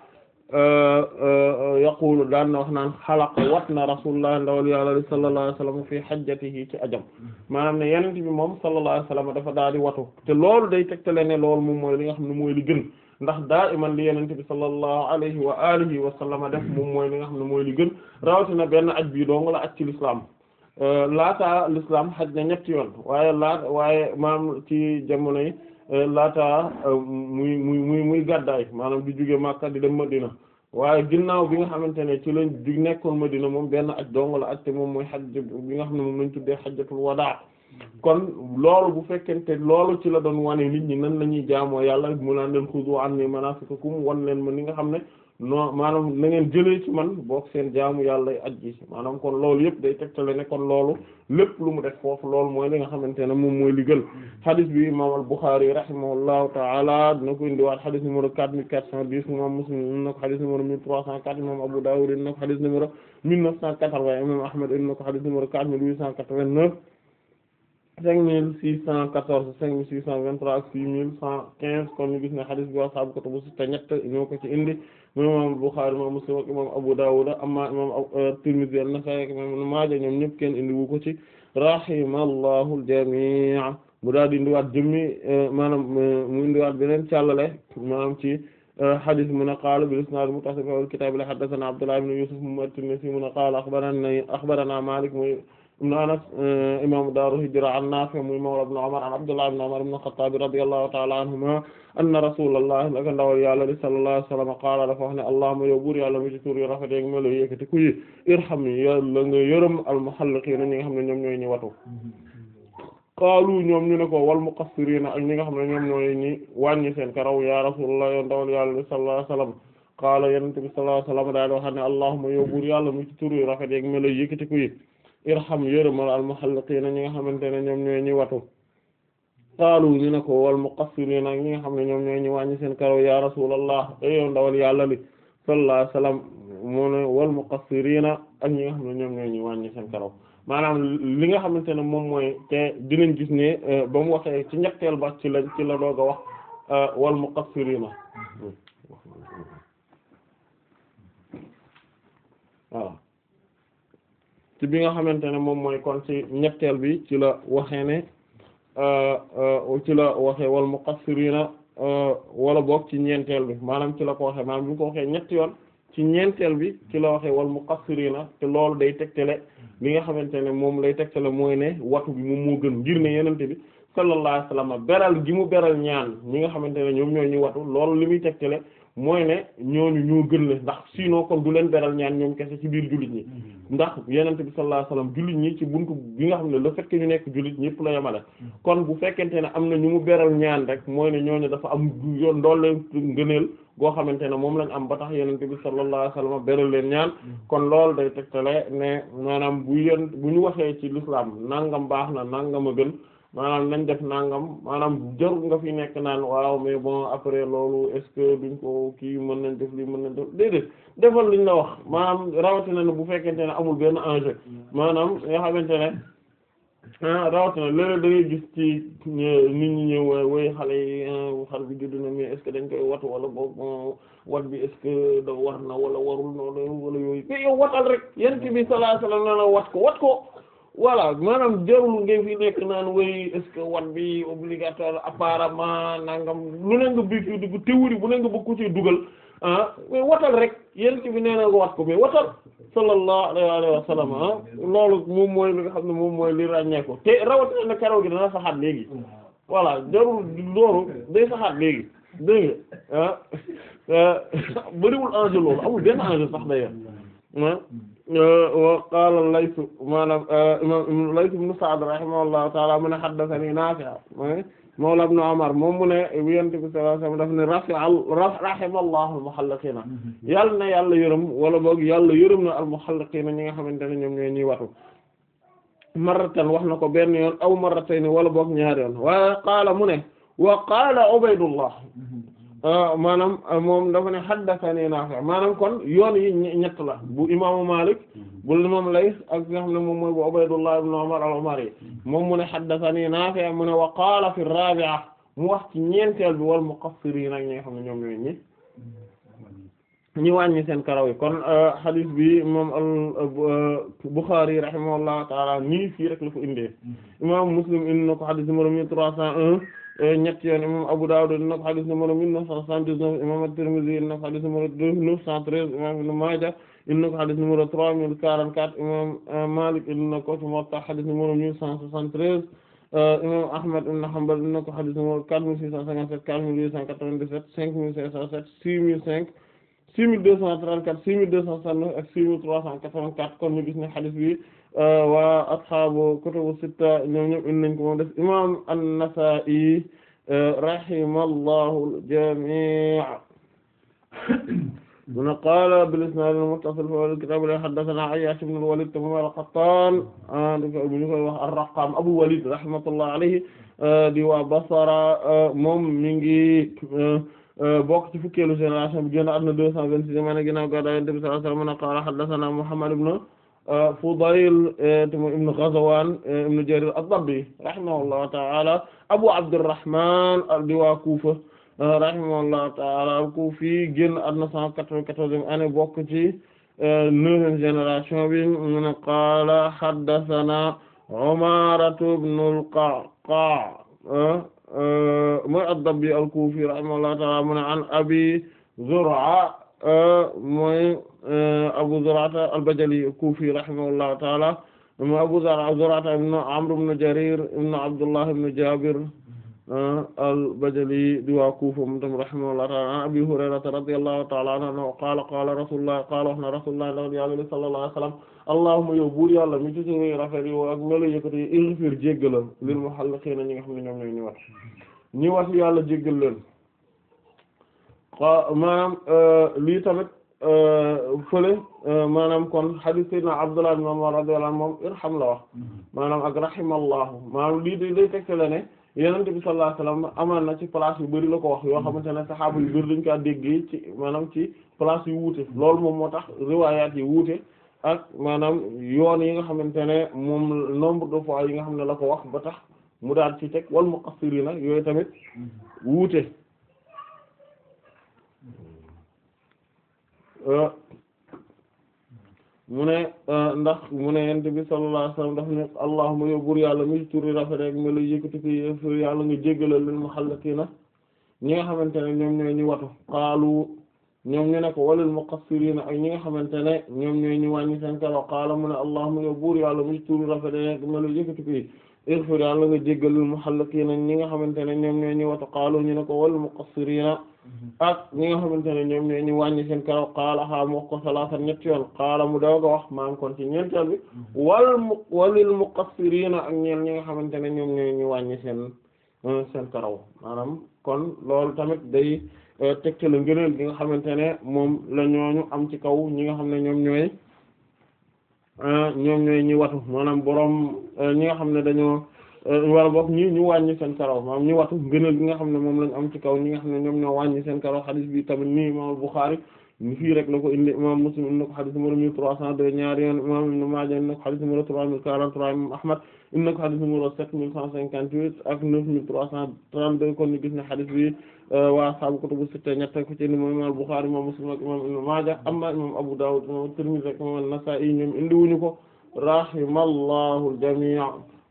yaqulu daan na wax naan xalaq wat na rasulullah ndawal yàlla sallallahu alayhi wasallam fi hajjatihi ci ajam maanaam ne yenent bi moom sallallahu alayhi wasallam dafa daal di watu te loolu day le ne lool moom mooy li nga xam ne mooy li gën ndax daa iman li yenent bi sallallahu alayhi wa alihi wa sallam def moom mooy li nga xam ne mooy li gën rawatina benn aj bii dong la aj ci l'islam laata l'islam xaj na ñetti yoon waaye laata waaye maam ci jamono yi Euh, laata euh, muy muy muy muy gàddaay maanaam di jóge Makka di dem ma dina waaye ginnaaw bi nga xamante ne ci lañ di nekkoon ma dina moom benn aj dong la aj te moom mooy xaj bi nga xam ne moom lañ tuddee xajjatul wadaa mm-hmm. kon loolu bu fekkente loolu ci la doon wane nit ñi nan la ñuy jaamoo yàlla mu naan leen xudu anni manasikakum wan leen ma ni nga xam ne non maanaam na ngeen jëlee ci man bokk seen jaamu yàlla aj gi maanaam kon loolu yëpp day tegtale ne kon loolu lépp lu mu def foofu loolu mooy li nga xamante ne moom mooy li gën xadis bi imam al-Bukhari rahimahullahu taala dina ko indiwaat xadis numéro quatre mille quatre cent dix imam Muslim in na ko xadis numéro Abu Dawud in na ko xadis mille neuf cent quatre-vingts imam Ahmad in na ko quatre mille huit cent quatre-vingt-neuf cinq imam Bukhari imam Muslim ak imam Abu Dawud amma imam uh, Tirmidhi an-Nasa'i ak imam Ibn Maaja ñoom ñëpp kenn indi wu ko ci rahimallahu al-jami' mu daal di indiwaat jëmmi uh, maanaam uh, mu indiwaat beneen càllale maanaam ci hadith mun a qaala bil isnaad muttasil fil kitaab la haddathana Abdullah ibn Yusuf mu at-Tinnisi mun a qaala akhbarana akhbarana Malik ibn Anas eh, imaamu daaru hijra an Naafi' muy mawla ibn Umar an Abdullah ibn Umar ibn al-Khattab radiyallahu ta'ala anhuma anna rasulullah naka ndawal yàlla li sallallahu alayhi wa sallam qaala dafa wax ne allahumma yow buur yàlla mu ci tur yu rafet yi ma la yëkkati ku yi irham nga yërëm al ñi xam ne ñoom ñooy ñi watu qaalu ñoom ñu ne ko wal muqassiriina ak ñi nga xam ne ñoom ñooy ñi wàññi seen karaw ya rasulullah yow ndawal yàlla li sallallahu alayhi wa sallam qaala yonent bi sallallahu alayhi wa irham yërëmal al muhalliqiina ñi nga xamante ne ñoom ñooy ñi watu qaalu ñu ne ko wal muqassiriina ñi nga xam ne ñoom ñooy ñi wàññi seen karaw ya rasulallah yow ndawal yàlla li sallallahu alayhi wasallam mu ne wal ak ñi nga xam ne ñoom ñooy ñi wàññi seen karaw maanaam li nga xamante ne moom mooy te dinañ gis ne eh, ba mu waxee ci ñetteel ba ci la ci la doog a wax eh, wal muqassiriina hmm. waaw ci bi nga xamante ne moom mooy kon ci ñetteel bi ci la waxee ne euh, euh, ci la waxee wal muqassirina euh, walla boog ci ñeenteel bi maanaam ci la ko waxee maanaam bi nga ko waxee ñetti yoon ci ñeenteel bi ci la waxee wal muqassirina te loolu day tegtale li nga xamante ne moom lay tegtale mooy ne watu bi moom moo gën ngir ne yenente bi sallallahu alayhi beral gi mu beral ñaan ñi nga xamante ne ñoom ñooy ñu watu loolu li muy tegtale mooy ne ñooñu ñoo gën la ndax sinon kon du leen beral ñaan ñoom kese ci biir jullit ñi mm-hmm. ndax yenente bi sallallahu alayhi wasallam jullit ñi ci buntu bi nga xam ne le fait que ñu nekk ñëpp la yemale mm-hmm. kon bu fekkente ne am na ñu mu beral ñaan rek mooy ne ñooñu dafa am yoon doole ngëneel goo xamante ne moom lañ am ba tax yenente bi sallallahu alayhi wasallam beral leen ñaan mm-hmm. kon loolu day tegtale ne maanaam bu yén bu ñu waxee ci l'islam nangam baax na nangam a gën maanaam nañ def nangam maanaam jarul nga fi nekk naan waaw mais bon après loolu est-ce que duñ ko kii mën nañ def lii mën nañ def déedéet defal liñ la wax maanaam rawatina ne bu fekkente ne amul benn enjeu maanaam nga xamante ne ah, rawatina léeg-léeg da ngay gis ci euh, nit ñi ñëw woy xale yi ah, xar bi judd na mais est-ce que dañ koy watu wala boog wat bi est-ce que da war na wala warul noonu wala yooyu mais yow watal rek yent bi sallallahu alayhi wasallam wat ko wat ko voilà maanaam jarul ngay fi nekk naan way est que wat bi obligatoire apparemment nangam lu ne nga bii fii dugg bu ne nga bëgg dugal ah watal rek yéen ci bi nee na wat ko mais watal sallallahu alayhi wa sallam ah, loolu moom mooy li nga xam ne moom mooy li ràññeeku te rawatina na karaw gi dana saxaat léegi voilà jarul loolu day saxaat léegi dégg nga ah bëriwul enjeu loolu amul benn enjeu sax d'ailleurs ah wa qaala Layth maanaam imaam Layth ibn Sa'd rahimahullahu ta'ala mu ne haddathani Naafi' mooy mawla ibn Umar moom mu ne Yonent bi sallallahu alayhi wasallam daf ne rafi'a rahimallahu al-muhalliqiina yàlla na yàlla yërëm wala boog yàlla yërëm na al-muhalliqiina ñi nga xamante ne ñoom ñooy ñuy watu marratan wax na ko benn yoon aw marratayn wala boog ñaari yoon wa qaala mu ne wa qaala Ubaydullah Euh, maanaam euh, moom dafa ne haddathani Naafi' maanaam kon yoon yi ñett la bu imaamu Maalik mm-hmm. bu imam Layth ak nga xam ne moom mooy bu Ubaydullah ibn Umar al-Umari mm-hmm. moom mu ne haddathani Naafi' mu ne wa qaala fi raabi'a mu wax ci ñeenteel bi wal muqassiriin ak ñi xam ne ñoom ñooy ñi mm-hmm. ñi wàññi seen karaw yi kon euh, hadith bi moom al-Bukhari rahimahullahu ta'ala nii fii rek la ko indee imaamu Muslim indi na ko hadith numéro 1301 ñetti yoon imam Abu Dawud indi na ko xadis numéro mille neuf cent soixante-dix-neuf imam At-Tirmidhi indi na ko xadis numéro deux neuf cent treize imam Ibn Maaja indi ko xadis numéro trois mille quarante-quatre imam euh, Malik indi ko xadis numéro mille cent soixante-treize euh, imam Ahmad ibn Hanbal indi ko xadis numéro quatre mille six cent cinquante-sept quatre mille huit cent quatre-vingt-dix-sept cinq mille cinq cent sept six mille cinq six mille deux cent trente-quatre six mille deux cent waa asxaabu kutubu sitta ñoom ñëpp indi nañ ko moom def imaam an-Nasaa'i e, rahimallahu al-jamii' mun qaala bil-isnaad al-muttasil fil kitaab li haddathanaa Ayyaash ibn al-Waliid te moom al-Qattaan ñu koy wax ar-Raqaam Abu Waliid rahmatullahi alayhi di waa Basra moom mi ngi e, e, bokk ci fukkeelu génération bi génn àdduna deux cent vingt-six maa ngi ginnaaw gàddaay Yonent bi sallallahu alayhi wa sallam qaala haddathanaa Muhammad ibn Fudayl eh, ibn Ghazwan eh, ibn Jarir ad-Dabbi rahimahullahu ta'ala Abu Abdurrahman di waa Kufa eh, rahimahullahu ta'ala al-Kufi génn àdduna 194e année bokk ci neuvième génération bi mu ne qaala haddathana Umaratu ibn al-Qa'qa' mooy ad-Dabbi al-Kufi rahimahullahu ta'ala mu ne an Abi Zur'a mooy eh, Abu Zur'ata al-Bajali Kufi rahimahullahu ta'ala mooy Abu Zur'ata ibn Amr ibn Jarir ibn Abdullah ibn Jabir eh, al-Bajali di waa Kufa moom tam rahimahullahu ta'ala an Abi Hurayrata radiyallahu ta'ala anhu qaala qaala rasulullah qaala wax na rasulullah ndawal yàlla sallallahu alayhi wa sallam allahumma yow buur yàlla mi ci suñuy rafet yi ak melo yëkkati ighfir jéggalal lil muhalliqiina ñi nga xam ne ñoom ñooy ñi wat ñi wat yàlla jéggal leen maanaam euh, lii tamit euh, fële euh, maanaam kon hadith sayyidina Abdullah ibn Umar radiyallahu anhu moom irham la wax mm-hmm. maanaam ak rahimallahu maanaam lii di teg tegte la ne yenente bi sallallahu alayhi amaan na ci place yu bëri la ko wax yoo xamante ne saxaaba yu mm-hmm. bëri dañ kaa déggee ci maanaam ci place yu wuute loolu moom moo tax riwaayaat yi wuute ak maanaam yoon yi nga xamante ne moom nombre de fois yi nga xam ne la ko wax ba tax mu daal ci teg wal muqassirina yooyu tamit mm-hmm. wuute mu ne ndax mu ne yent bi sallallahu alayhi wasallam daf ne allahumma yow buur yàlla mi turi rafet rek ma la yëkkati ko y yàlla nga jéggalal lil muhallaqiina ñi nga xamante ne ñoom ñooy ñu watu qaalu ñoom ñu ne ko walil muqassiriina ak ñi nga xamante ne ñoom ñooy ñu wàññi seen karaw qaala mu ne allahumma yow buur yàlla mi turi rafet rek ma la yëkkati ko ighfir yàlla nga jéggalal muhallaqiina ñi nga xamante ne ñoom ñooy ñu watu qaalu ñu ne ko walil muqassiriina Mm-hmm. ak ñi nga xamante ne ñoom ñoo ñu wàññi seen karaw qaala ha mu wax ko wax maam kon ci ñeenteel bi mm-hmm. wal mu walil muqassiriina ak ñeel ñi nga xamante ne ñoom ñoo ñu wàññi seen uh, seen karaw maanaam kon loolu tamit day uh, tegtal ngëneel gi nga xamante ne moom la ñooñu am ci kaw ñi nga xam ne ñoom ñooy uh, ñoom ñooy ñi watu maanaam boroom ñi nga xam ne dañoo Euh, wala boog ñi ñu wàññi seen karaw bi nga xam ne moom lañ am ci kaw ñi nga xam ne ñoom ñoo wàññi seen karaw xadis bi tamit nii imam Bukhari ñu fii rek la ko indi imam Muslim indi na ko xadis numéro mille trois cent deux ñaari yoon imam Ibn Maaja indi na ko xadis numéro trois mille quarante-trois imam Ahmad indi ko xadis numéro sept mille cent cinquante-huit ak neuf mille trois cent trente-deux kon ñu gis ne xadis bi euh, waa saabu sitta ñett ko ci indi moom imam Bukhari imam Muslim ak imam Ibn Maaja amma imam Abu Dawud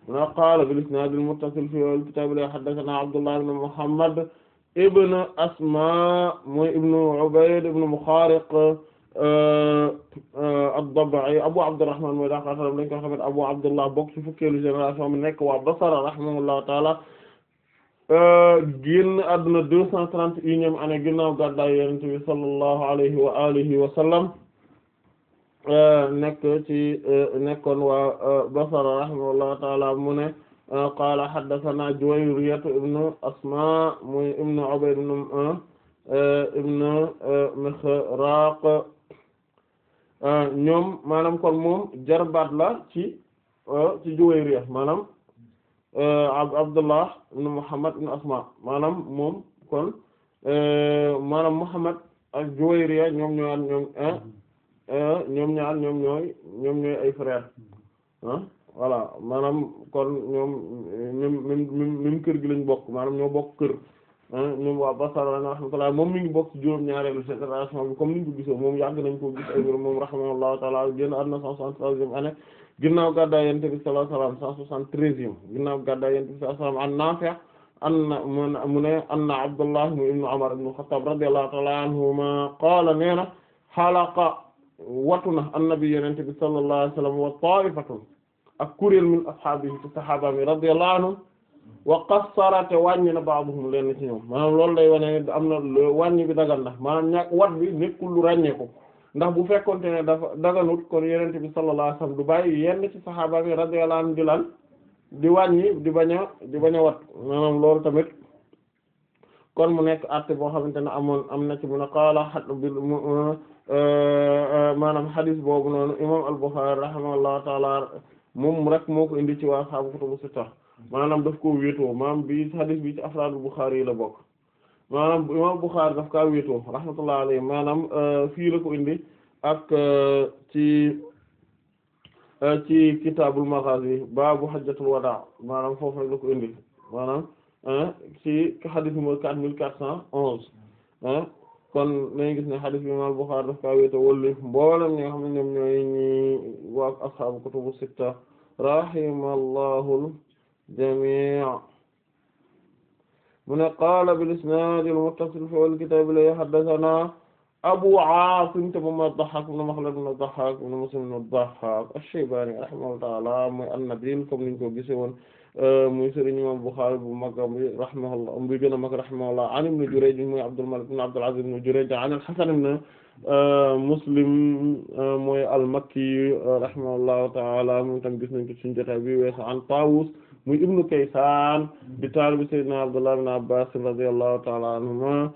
na qaala bil isnaad al muttasil fi al-kitaab la haddathanaa Abdullah ibn Muhammad ibn Asmaa mooy ibn Ubayd ibn Mukhariq eh, ad-Daba'i Abu Abdurrahman mooy daa xaar lañ ko xamante Abu Abdullah bokk ci fukkeelu génération bi nekk waa Basra rahimahullahu ta'ala eh, génn àdduna deux cent trente et unième année ginnaaw gàddaay Yonent bi sallallahu alayhi wa alihi wa sallam Euh, nekk ci euh, nekkoon waa euh, Basra rahimahullahu taala mu ne qaala haddathana Juwayriyya ibnu Asmaa muy ibnu Ubayd ibnu Mixraaq ñoom maanaam kon moom jarbaat la ci ci Juwayriyya maanaam Abdullah ibnu Muhammad ibnu Asmaa maanaam moom kon maanaam Muhammad ak Juwayriyya ñoom ñoo Euh, ñoom ñaar ñoom ñooy ñoom ñooy ay frère ah voilà maanaam kon ñoom même même même kër gi lañ bokk maanaam ñoo bokk kër ah, ñoom waa Basra rahmatullah moom mi ngi bokk ci juróom-ñaareelu génération bi comme ni ñu ko gisoo moom yàgg nañ koo gis ay mbirum moom rahimahullahu ta'ala génn àdduna 173e année ginnaaw gàddaa yonent bi sallallahu alayhi wa sallam 173e ginnaaw gàddaa yonent anna mu ne anna Abdullah ibn Umar ibn Khattab radiyallahu ta'ala anhuma qaala watu na annabi yenente bi sallallahu alayhi wasallam wa ta'ifatun ak kuréel min ashaabihi ci sahaaba mi wa qassarate wàññi na ba'dhum leen ci ñoom maanaam loolu lay wane am na wàññi bi dagal na maanaam wat bi nekkul lu ndax bu fekkonte ne dafa daganut kon yenente bi sallallahu alayhi wasallam du bàyyi ci sahaaba mi di lan di wàññi di bañ a di bañ wat maanaam loolu tamit kon mu nekk àtte boo xamante ne amoon am na ci mun a qaala Euh, euh, maanaam hadith boobu noonu imam al-Bukhari rahimahullahu taala moom rek moo ko indi ci waa saabu kutubu sitta maanaam daf ko wéetoo maanaam bi hadith bi ci afraadul Bukhari yi la bokk maanaam imam Bukhari daf kaa wéetoo rahmatullahi alayhi maanaam euh, fii la ko indi ak ci ci kitaabul maghazi baabu hajjatul wadaa maanaam foofu rek la ko indi maanaam ci hadith numéro quatre mille quatre cent onze kon nañ gis ne xadis bi imam Bukhari daf kaa wéeto walli mboolem ñi nga xam ne ñoom ñooy ñi waa ashaabu kutubu sitta rahimallahu al-jamii' mu ne qaala bil-isnaad al-muttasil fi al-kitaab li haddathanaa Abu Aasim te moom mooy Ad-Dahhaak ibn Makhlad ibn Ad-Dahhaak ibn Muslim ibn Ad-Dahhaak ash-Shaybaani rahimahullahu ta'aala mooy an-Nabiil comme niñ ko gisee woon Euh, muy sëriñ imam Bukhari bu mag bi rahimahullah bi gën a mag rahimahullah an ibn Jurayj muy Abdul Malik ibn Abdul Aziz ibn Jurayj an al-Hasan ibn euh, Muslim euh, mooy al-Makki rahimahullahu ta'ala moom tam gis nañ ko ci jotaay bi weesu an Tawus muy ibnu Kaysan di taalibi sayyidina Abdullah ibn Abbas radiyallahu ta'ala anhuma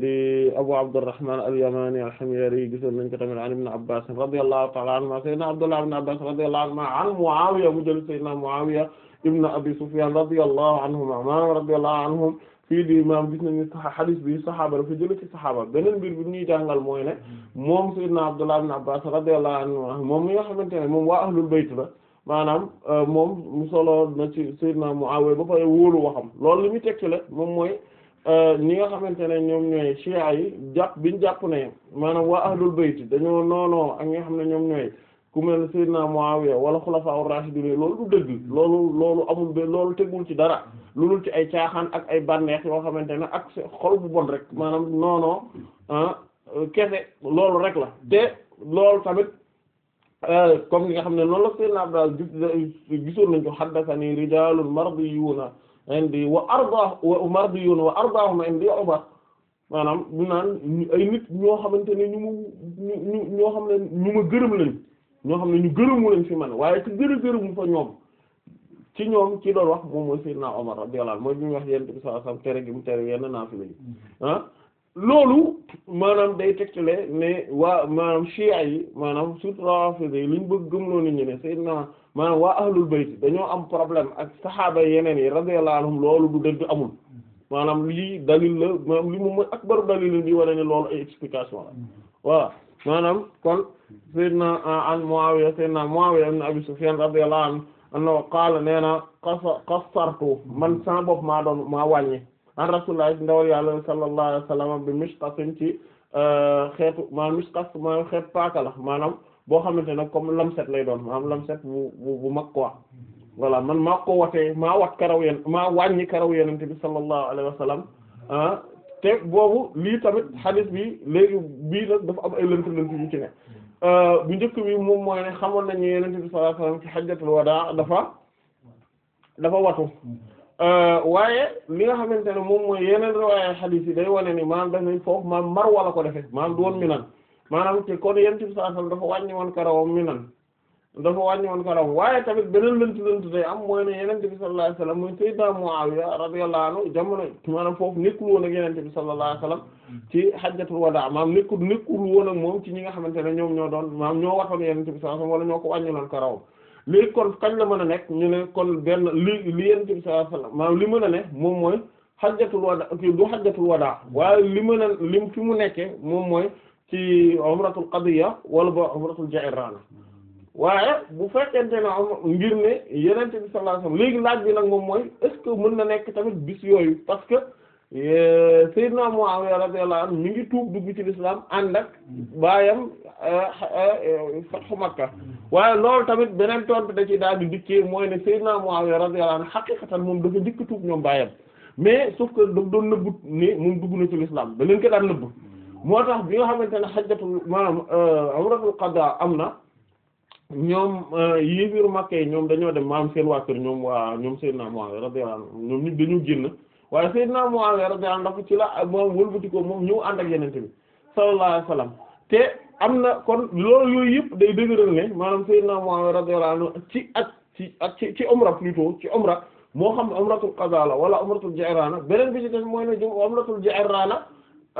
di Abu Abdurrahman al-Yamani al-Himyari gisoon nañ ko tamit an Ibn Abbas radiyallahu ta'ala anhuma sayyidina Abdullah ibn Abbas radiyallahu anhuma an Muawiya mu jël sayyidina Muawiya ibn abi sufyan radiyallahu anhuma maanaam radiyallahu anhum fii di maam gis nañu hadith bi saxaaba dafa jële ci saxaaba beneen mbir bi ñuy jàngal mooy ne moom sayyidna abdullah ibn abbas radiyallahu anhu moom mi nga xamante ne moom waa ahlul bayt la maanaam euh, moom mu solo na ci sayyidna muawiya ba pare wóolu waxam loolu li muy tekki la moom mooy ni euh, nga xamante ne ñoom ñooy shi'a yi jàpp biñ jàpp ne maanaam waa ahlul bayt dañoo noonoo ak ñi nga xam ne ñoom ñooy ku mel Seydina Muawiya wala xulafaa ar-raashidun loolu du dëgg loolu loolu amul ba loolu tegul ci dara loolu ci ay caaxaan ak ay bànneex yoo xamante ne ak xol bu bon rek maanaam noonoo ah, kese loolu rek la te loolu tamit euh, comme li nga xam ne noonu la Seydina Abdallah gisoon nañ ko haddasanii rijaalun mardiyyuuna indi wa ardaahum mardiyyuuna wa ardaahum indi Umar maanaam ñu naan ay nit ñoo xamante ne ñu mu ñu ñoo xam ne ñu ma gërëm lañ ñoo xam ne ñu gërëmu lañ fi man waaye te gërë gërëmu fa ñoom ci ñoom ci doon wax moom mooy Seydina Omar radiyallahu anhu mooy bi ñu wax yent bi sallallahu alayhi wasallam tere gi mu tere yenn naafila yi ah loolu maanaam day le ne waa maanaam chia yi maanaam surtout rafida yi li ñu bëgg gëmloo nit ñi ne Seydina maanaam waa ahlul bayt dañoo am problème ak saxaaba yeneen yi radiyallahu anhum loolu du dëgg amul maanaam lii dalil la maanaam li moom mooy akbaru dalil la di wane ne loolu ay explication maanaam kon sayyidna an Muawiya sayyidna Muawiya ibn Abi Sufyan radiyallahu anhu annahu qaala nee na qassartu man sama bopp maa doon maa wàññi an Rasulullah ndawal yàlla sallallahu alayhi wa sallam bi mishqatin ci e, xeetu maanaam mishqat maanaam xeetu paaka la maanaam boo xamante ne comme lamset lay doon maanaam lamset bu bu bu mag quoi voilà man maa ko watee maa wat karaw yeen maa wàññi karaw yonent bi sallallahu alayhi wa sallam ah, te boobu lii tamit xadis bi léegi bii nag dafa am ay lënt lënt yu ci ne euh, bu njëkk bi moom mooy xamoon nañu yonent bi sallallahu alayhi wasallam ci xajjatul wadaa dafa dafa watu euh, waaye li nga xamante ne moom mooy yeneen riwaaye xadis yi day wane ni maanaam daf nañ foofu maanaam Marwa la ko defee maanaam du woon Minan maanaam te kon yonent bi sallallahu alayhi wasallam dafa wàññi karawam Minan dafa wàññi woon waaye tamit beneen lënt lënt day am mooy ne yenente bi sallallahu alayhi wasallam mooy sayyidna Muawiya radiyallahu anhu jamono maanaam foofu nekkul woon ak yenente bi sallallahu alayhi ci hajjatul wadaa maam nekkul nekkul woon ak moom ci ñi nga xamante ne ñoom ñoo doon maam ñoo waxoon yenente bi sallallahu alayhi wala ñoo ko wàññiloon karawam léegi kon kañ la mën a nekk ñu ne kon benn li li yenente bi sallallahu alayhi maam li mën a ne moom mooy hajjatul wadaa du hajjatul wadaa waaye li mën a lim fi mu nekke moom mooy ci umratul qadiya wala ba umratul waaye bu fekkente ne am ngir ne yenente bi léegi laaj bi nag moom mooy est ce que mën na nekk tamit bis yooyu parce que euh, Seydina Muawiya radiyallahu anhu mi ngi tuub dugg ci lislaam ànd ak baayam euh, euh, fatxu ka waaye loolu tamit beneen tontu a ci daal di dikkee mooy ne Seydina Muawiya radiyallahu anhu xaqiqatan moom dafa dikk tuub ñoom baayam mais sauf que daf doon nëbbu ne moom dugg na ci lislaam da leen ko daan nëbb moo tax bi nga xamante ne xajjatul maanaam umratul qada am na ñoom euh, yéefiru Makka yi ñoom dañoo dem maam seen waa kër ñoom waa ñoom Seydina Muawiya radiyallahu anhu ñoom nit dañu génn waaye Seydina ci la moom wëlbati ko moom ñëw ànd ak yeneen bi sallallahu alayhi wasallam te am na kon loolu yooyu yëpp day dëgëral ne maanaam ci ak ci ak ci ci umra plutôt ci umra moo xam ne umratul qadaa la wala umratul ji'raana beneen bi ci des mooy ne umratul ji'raana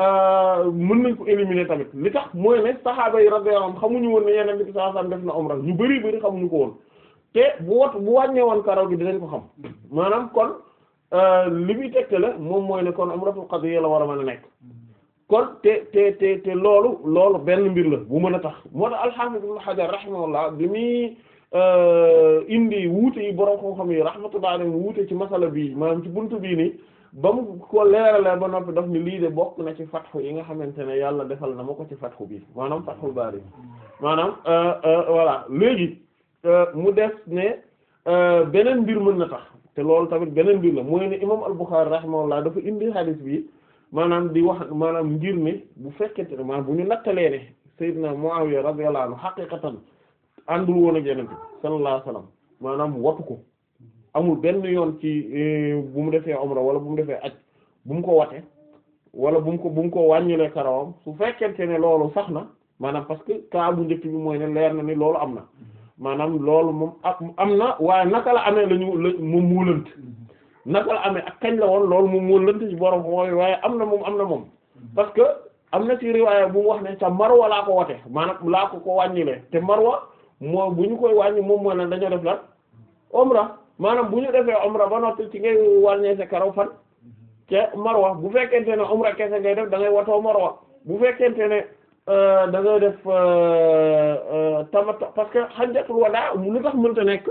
Euh, mën nañ ko éliminer tamit li tax mooy ne saxaaba yi radiyallahu anhum xamuñu woon ne yeneen bi sallallahu alayhi wasallam def na umra ñu bari bari xamuñu ko woon te bu wat bu wàññee woon karaw gi dinañ ko xam maanaam kon euh, li muy la moom mooy ne kon umratul qadiyya la war a mën a nekk kon te te te te loolu loolu benn mbir la bu mën a tax moo tax al-Hafiz Ibn Hajar rahimahullah bi muy euh, indi wuute yi borom xam-xam yi rahmatullahi alayhi wuute ci masala bii maanaam ci buntu bii nii ba mu ko leeralee ba noppi daf ni lii de bokk na ci fatxu yi nga xamante ne yàlla defal na ma ko ci fatxu bi maanaam fatxul bari maanaam euh, euh, voilà léegi euh, mu des ne beneen mbir mën na tax te loolu tamit beneen mbir la mooy ne imam al-Bukhari rahimahullah dafa indi hadith bi maanaam di wax maanaam ngir ne bu fekkente ne maanaam bu ñu nattalee ne Seydina Muawiya radiyallahu anhu xaqiqatan àndul woon ak yeneen sallallahu alayhi wasallam maanaam watu ko amul benn yoon ci e, bu mu defee umra wala bu mu defee aj bu mu ko wate wala bu mu ko bu mu ko wàññilee karawam su fekkente ne loolu sax na maanaam parce que cas bu njëkk bi mooy ne na ni loolu am na maanaam loolu moom ak am na waaye naka la amee la moom moo lënt naka la amee ak kañ la woon loolu mu moo lënt ci borom mooy waaye am na moom am na moom parce que am na ci riwaaya bu mu wax ne ca marwa laa ko wate maanaam laa ko ko wàññilee te marwa moo bu ñu koy wàññi moom mooy lan dañoo def lan umra maanaam bu ñu defee omra ba noppi ci ngay wàññee sa karaw fan ca marwa bu fekkente ne umra kese ngay def da ngay watoo marwa bu fekkente ne euh, da ngay def euh, euh, tamat parce que xajjatul wadaa mu lu tax mënta nekk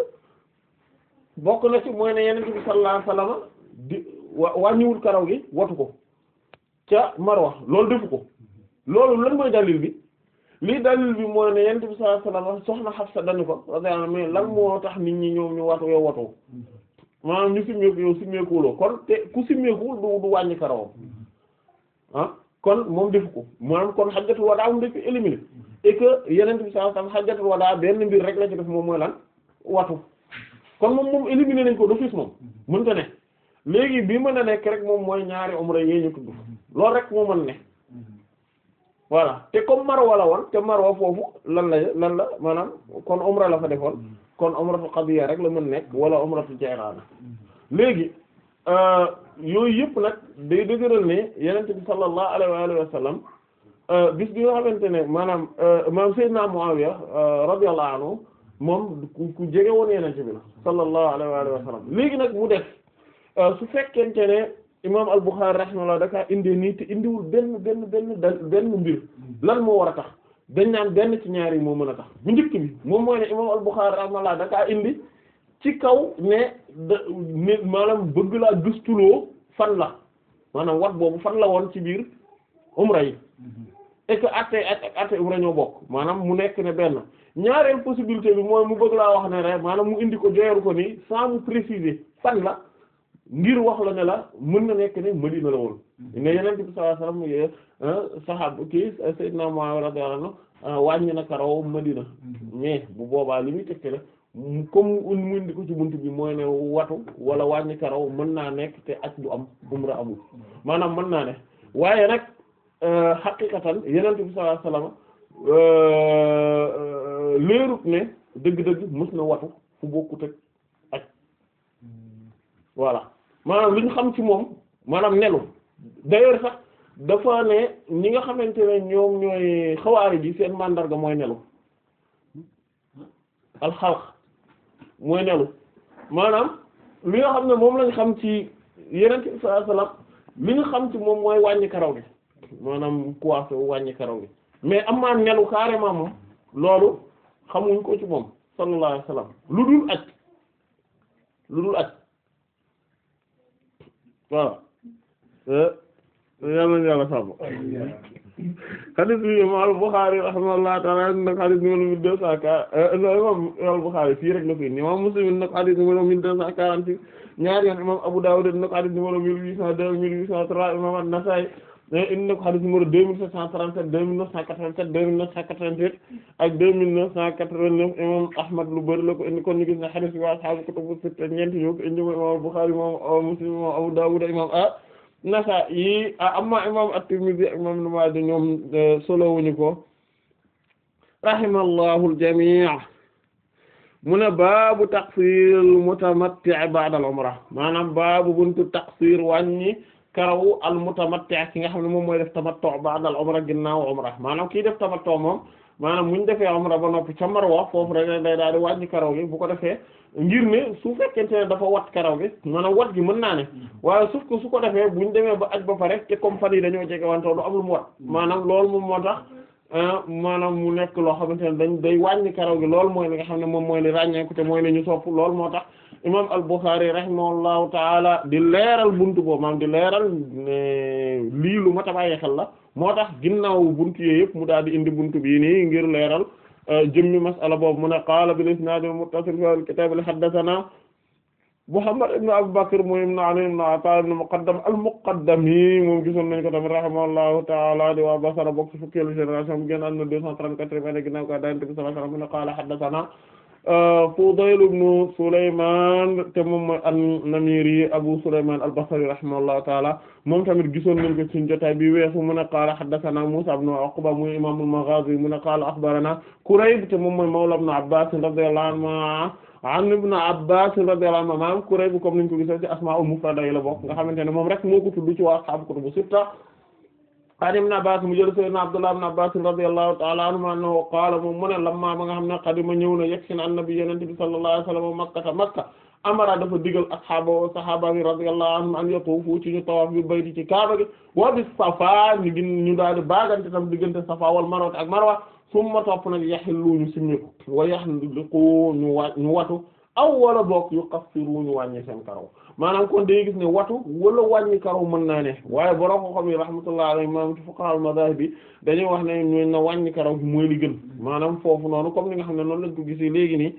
bokk na ci mooy ne yeneen bi sallallahu alayhi wasallam di wàññiwul karaw gi watu ko ca marwa loolu defu ko loolu lan mooy dalil bi lii dalil bi mooy ne yent bi sa alayhi wasallam soxna Hafsa dañu ko lan mm. moo tax nit ñi ñoom ñu watu yow watu maanaam ñu simmeeku yow simmeekuwuloo kon te ku simmeekuwul du du wàññi karawam ah, kon moom defu ko kon hajjatul wadaa moom def ko que yonent bi sallallahu alayhi wasallam hajjatul wadaa benn mbir rek la ci def moom mooy lan watu kon moom moom éliminé nañ ko d'office moom mënta ne léegi bii mën a nekk rek moom mooy ñaari umra yee ñu tudd loolu rek moo man ne voilà te comme marwa la woon te marwa foofu lan la lan la maanaam kon umra la fa defoon mm-hmm. kon umratu qadiya rek la mën nekk wala umratu jayraana mm-hmm. léegi euh, yooyu yëpp nag day dëgëral ne yenente bi sallallahu alayhi wa alihi euh, bis bi nga xamante ne maanaam euh, maam Seydina Muawiya radiyallahu anhu moom ku jege woon yenente bi la sallallahu alayhi wa alihi léegi nag mu def su fekkente ne imaam al-Bukhârî rahimahullah da kaa indee nii te indiwul benn benn benn benn mbir lan moo war a tax dañ naan benn ci ñaar moo mën a tax bu njëkk bi moom mooy ne imaam al-Bukhârî rahimahullah da kaa indi ci kaw ne da ne maanaam bëgg laa gëstuloo fan la maanaam wat boobu fan la woon ci biir umra yi mm-hmm. et que atte ak atte umra ñoo bokk maanaam mu nekk ne benn ñaareel possibilité bi mooy mu bëgg laa wax ne rek maanaam mu indi ko joyeru ko nii sans mu préciser fan la ngir wax la ne la mën na nekk ne Madina la woon mm-hmm. ne yeneen bi sallallahu alayhi wasallam ah, saxaab kii ah, Seydina Muawiya radiyallahu anhu ah, wàññi na karaw Madina mm-hmm. mais bu boobaa li muy tekki la comme mu indi ko ci bunt bi mooy ne watu wala wàññi karaw mën naa nekk te ak du am umra amul mm-hmm. maanaam mën naa ne waaye nag xaqiqatan yeneen bi sallallahu alayhi wasallam leerut ne dëgg-dëgg mës na watu fu bokkut ak aj maanaam li ñu xam ci moom maanaam nelu d'ailleurs sax dafa ne ñi nga xamante ne ñoom ñooy xawaari bi seen mandarga mooy nelu alxalq mooy nelu maanaam li nga xam ne moom lañ xam ci yeneen bi sallallahu alayhi wasallam li ñu xam ci moom mooy wàññi karaw bi maanaam coiffé wàññi karaw bi mais am maa nelu carrément moom loolu xamuñ ko ci moom sallallahu alayhi wasallam lu dul lu dul aj voilà eh, eh, yàlla na yàlla sàmm xadis bi al-Bukhari rahimahullahu ta'ala nag xadis numéro mille deux cent quarante eh, imam al-Bukhari fii rek la ko indi imam Muslim nag xadis numéro mille deux cent quarante six ñaari yoon imam Abu Dawud nag xadis numéro mille huit cent deux mille huit cent trois imam an-Nasa'i indi na ko xadis numéro deux mille sept cent trente-sept deux neuf cent quatre-vingt-sept deux mille neuf cent quatre-vingt-huit ak deux neuf cent quatre-vingt-neuf imam Ahmad lu bari la ko indi kon ñu gis ne xadis bi waa ashaabu kutubu sitta ñeent ñoo ko indi imam al-Bukhari Muslim Abu Dawud imam an-Nasa'i amma imam at imam Ibn Maaja ñoom e, solowuñu ko rahimallahu al-jami' mu ne baabu taqsir mutamatti ba'da al maanaam baabu buntu taqsir wàññi karawu al-mutamatti ki nga xam ne moom mooy def tamattu ba'da al-umra ginnaaw umra maanaam kii def tamattu moom maanaam muñ defee ba noppi ca Marwa foofu rek day daal di wàññi bu ko defee ngir ne ne dafa wat karaw gi maanaam wat gi mën naa ne waaye suuf su ko defee buñ demee ba aj ba pare te comme fan yi dañoo jege wante du am lu mu wat maanaam moom moo tax ah, maanaam mu nekk loo xamante ne dañ day wàññi karaw gi lool mooy li nga xam ne moom mooy li ràññeeku te mooy li ñu sopp loolu moo tax imam al-Bukhari rahimahullahu taala di leeral buntu boobu maam di leeral lii lu mat a bàyyi xel la moo tax ginnaaw buntu yee mu daal di indi buntu bii nii ngir leeral euh, jëmmi masala boobu mu ne qaala bil isnaad al-muttasil fil kitaab li haddathana Muhammad ibn Abu Bakr mooy ibn Ali ibn Ata ibn Muqaddam al-Muqaddami moom gisoon nañ ko tamit rahimahullahu ta'ala di waa Basra bokk ci fukkeelu génération bu génn àdduna 234 ginnaaw ko Yonent bi sallallahu alayhi wa sallam qaala haddathana Euh, Fudayl ibn Sulaymaan te moom mooy an-Namiri Abu Sulaymaan al-Basri rahimahullahu taala moom tamit gisoon nañ ko ci jotaay bi weesu mu ne qaala haddathanaa Muusaa ibn Uqba muy imaamul Maghaazi mu ne qaala akhbaranaa Kurayb te moom mooy mawlaa ibn Abbaas radiyallahu anhumaa an ibn Abbaas radiyallahu anhumaa maanaam Kurayb comme niñ ko gisee ci asmaa'ul mufrada yi la bokk nga xamante ne moom rek moo ko tudd ci waa ashaabu kutubu sitta an ibn Abbas mu jël sayyidina Abdullah ibn Abbas radiyallahu ta'ala anhuma annahu qaala moom mu ne lamma ba nga xam ne qadima ñëw na yegg si na annabi yonent bi sallallahu alayhi wa sallam makkata makka amara dafa digal ashaaba sahaaba bi radiyallahu anhum an yatuufu ci ñu tawaaf bi bayti ci kaaba gi wa bis safa ñu gin ñu daal di baagante tam diggante safa wal marwa ak marwa summa topp nag yaxillu ñu simmiku wa yaxliqu ñu wa ñu watu aw wala boog yu qassiru ñu wàññi seen karaw maanaam kon day gis ne watu wala wàññi karaw mën naa ne waaye borom ko xam yi rahmatullah alayhi maanaam ci fuqaha bi dañuy wax ne ñu na wàññi karaw bi mooy li gën maanaam foofu noonu comme ni nga xam ne noonu lañ ko gisee léegi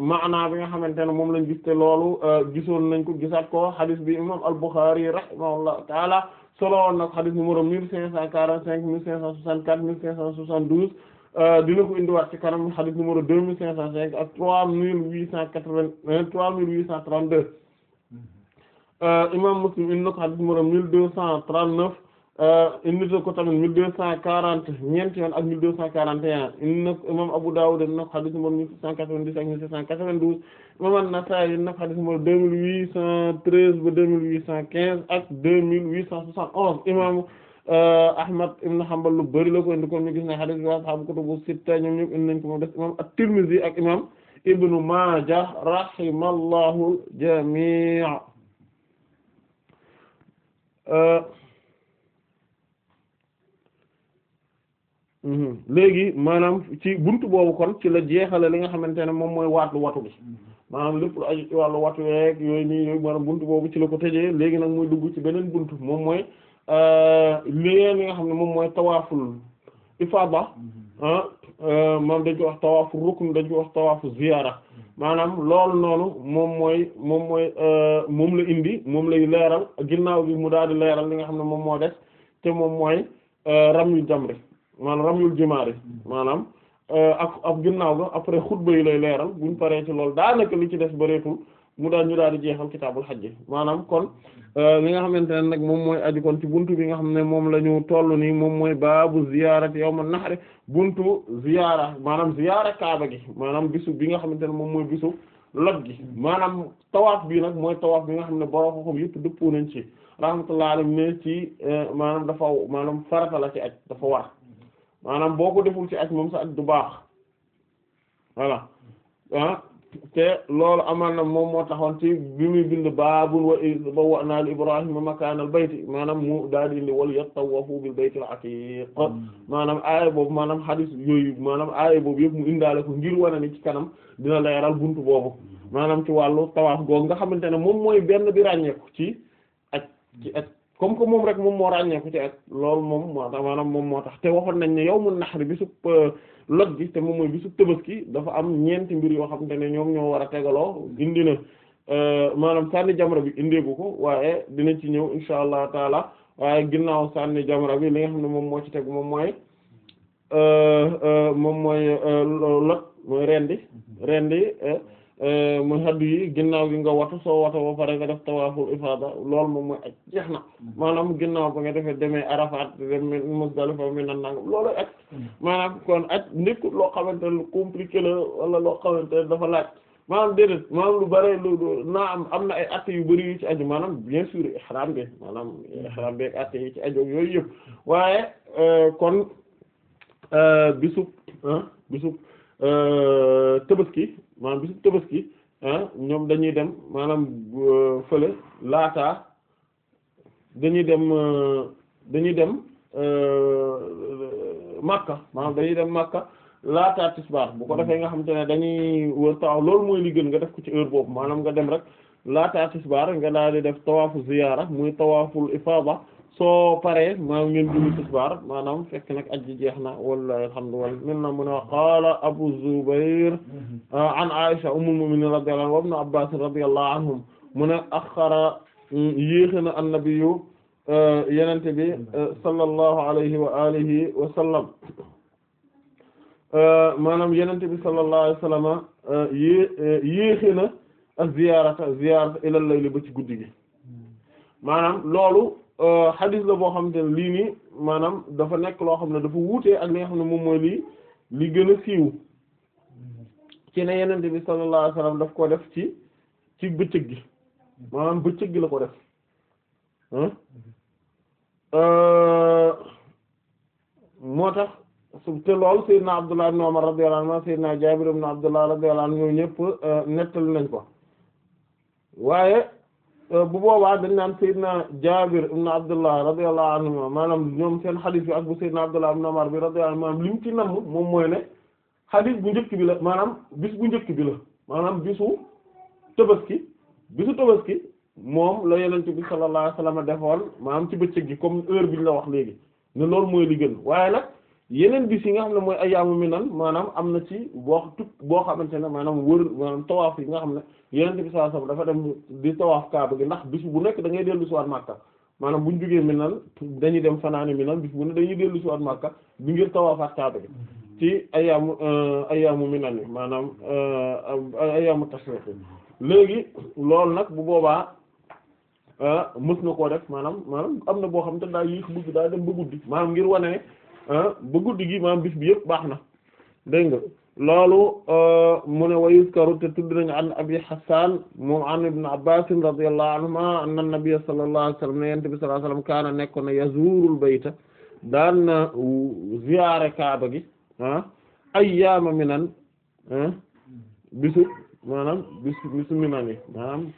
maanaa bi nga xamante ne moom lañ gis te loolu euh, gisoon nañ ko gisaat ko hadith bi imam al-Bukhari rahimahullah taala solo woon nag hadith numéro mille cinq cent quarante-cinq mille cinq cent soixante-quatre mille cinq cent soixante-douze euh, dina ko indiwaat ci kanam hadith numéro deux trois mille huit cent quatre vingt trois mille huit cent trente Euh, imam Muslim indi na ko xadis numéro mille deux cent trente-neuf euh, indi na ko tamit mille deux cent quarante ñeenti yoon imam Abu Dawud indi na ko xadis numéro sept cent quatre vingt douze imam An-Nasa'i indi na ko deux mille huit cent treize ba deux mille huit cent quinze ak deux mille huit cent soixante onze imam euh, Ahmad ibn Hanbal lu bari la ko indi kon ñu gis ne hadith wa ashaabu kutubu sitta ñoom ñëpp indi nañ imam At-Tirmidhi ak imam Ibn Maaja rahimallahu jami' Euh, mhm. léegi maanaam ci buntu boobu kon ci la jeexale li nga xamante ne moom mooy waatlu watu bi maanaam lépp lu aju ci wàllu watu yeeg yooyu nii yooyu maanaam buntu boobu ci la ko tëjee léegi nag mooy dugg ci beneen bunt moom mooy euh, léegi li nga xam ne moom mooy tawaaful ifaada mhm. ah euh, maanaam dañ ko wax tawaafu rukn dañ ko wax tawaafu ziyaara maanaam loolu noonu moom mooy moom mooy euh, moom la indi moom lay leeral ginnaaw bi mu daal di leeral li nga xam ne moom moo des te moom mooy euh, ramyul jamri maanaam ramyul jimaari maanaam euh, ak ak ginnaaw ga après xutba yi lay leeral buñ paree ci loolu daanaka li ci des ba bareetul mu daal ñu daal di jeexal kitaabul xajj maanaam kon euh, li nga xamante ne nag moom mooy aju kon ci buntu bi nga xam ne moom la ñu toll nii moom mooy baabu ziyaarati yawma nahri buntu ziyaara maanaam ziyaara kaaba gi maanaam bisu bi nga xamante ne moom mooy bisu lot gi maanaam tawaaf bi nag mooy tawaaf bi nga xam ne borom xam-xam yëpp dëppoo nañ ci rahmatullahi laa ne ci euh, maanaam dafa maanaam farata la ci aj dafa war maanaam boo ko deful ci aj moom sa aj du baax voilà ah. te loolu amaan na moom moo taxoon ci bi muy bind baabul wa wa bawwa'naa li ma makaanal bayti maanaam mu daal di indi wal yattawwafu bil baytil atiiq hmm. maanaam aaya boobu maanaam hadis yooyu maanaam aaya boobu yëpp mu indaale ko ngir wane ci kanam dina leeral bunt boobu maanaam ci wàllu tawaaf googu nga xamante ne moom mooy benn bi ràññeeku ci ak ci ak comme que moom rek moom moo ràññeeku ci ak loolu moom moo tax moom moo tax te waxoon nañ ne yawmun nahr bi supp euh, loj gi te moom mooy bisu Tabaski dafa am ñeenti mbir yoo xam xamante ne ñoom ñoo war a tegaloo indi na euh, maanaam sànni jamra bi indeegu ko waaye dina ci ñëw insha allah taala waaye ginnaaw sànni jamra bi li nga xam ne moom moo ci teg moom mooy euh, euh, moom mooy loj mooy rendi mm-hmm. rendi Euh, mooy haddu yi ginnaaw gi nga watu soo watu ba pare nga def tawaaful ifaada loolu moom mooy ak jeex na maanaam ginnaaw ba nga defee demee Arafat demee Muzdalifa mi nan nangam loolu ak maanaam kon ak ndekku loo xamante ne compliqué la wala loo xamante dafa laaj maanaam déedéet maanaam lu bare lu naa am am na ay att yu bari yu ci aju maanaam bien i ihram bi maanaam ihram bi ak att yi ci aju yooyu yëpp waaye euh, kon euh, bisub bisub tabaski maanaam bisu tabaski ah, ñoom dañuy dem maanaam euh, fële laataa dañuy dem euh, dañuy dem euh, Makka maanaam dañuy dem Makka laataa tisbaar bu ko defee nga xam te ne dañuy wër tawaaf loolu mooy li nga def ko ci heure boobu maanaam nga dem rek laataa tisbaar nga daal di def tawaafu ziyaara muy tawaaful ifaada soo paree maanaam ngeen julli tisbaar maanaam fekk nag aji jeex na wallahi alhamdu wal minna mun a Abu Zubayr ah, an Aisha ummul mu'minin radiyallahu anha wa ibn Abbas radiyallahu anhum mu ne axara yéexe na annabiyu eh, yenente bi eh, sallallahu alayhi wa alihi wa sallam eh, maanaam yenente bi sallallahu alayhi wa ci guddi gi maanaam loolu xadis euh, la boo xamante ne lii nii maanaam dafa nekk loo xam ne dafa wuutee ak li nga xam ne moom mooy lii li gën a siiw ci ne yenente bi sallallahu alayhi wasallam daf ko def ci ci bëccëg gi maanaam bëccëg gi la ko def hmm? euh, moo tax te lool sayyidna Abdullah ibn Umar radiyallahu anhu sayyidna Jabir ibn Abdullah radiyallahu anhu ñëpp euh, nettali nañ ko waaye Euh, bu boobaa dañ naan Seydina Jaabir ibn Abdullah radiyallahu anhu maanaam ñoom seen xadiis bi ak bu Seydina Abdullah ibn Umar bi radiyallahu anhu maanaam li mu ci namm moom mooy ne xadiis bu njëkk bi la maanaam bis bu njëkk bi la maanaam bisu tabaski bisu tabaski moom la yonent bi sallallahu alayhi wasallam defoon maanaam ci bëccëg gi comme heure bi ñu la wax léegi ne loolu mooy li gën waaye nag yeneen bis yi nga xam ne mooy ayyaamu minan maanaam am na ci boo tub boo xamante ne maanaam wër maanaam tawaaf yi nga xam ne yeneen bi sallallahu alayhi dafa dem di tawaaf kaaba gi ndax bis bu nekk dangay dellu si siwaat Makka maanaam bu ñu jógee minan dañuy dem fanaane minan bis bu ne dañuy dellu siwaat Makka bi ngir tawaafaat kaaba gi ci ayyaamu euh, ayyaamu minan yi maanaam euh, ayyaamu tashriq léegi loolu nag bu boobaa euh, mës na koo def maanaam maanaam am na boo xam te daa yéex guddi daa dem ba guddi maanaam ngir wane Ah, ba guddi gi maam bis bi yëpp baax na dégg nga loolu euh, mu ne wa yuskaru te tudd nañu an abi hasan moom ibn abbas radiyallahu anhuma anna nabiyya sallallahu ne yonent bi sallallahu alayhi wasallam kaana nekkoon na yazurul bayta daan na ziyaare kaaba gi ah ayyaama minan ah, bisu maanaam bisu bisu minan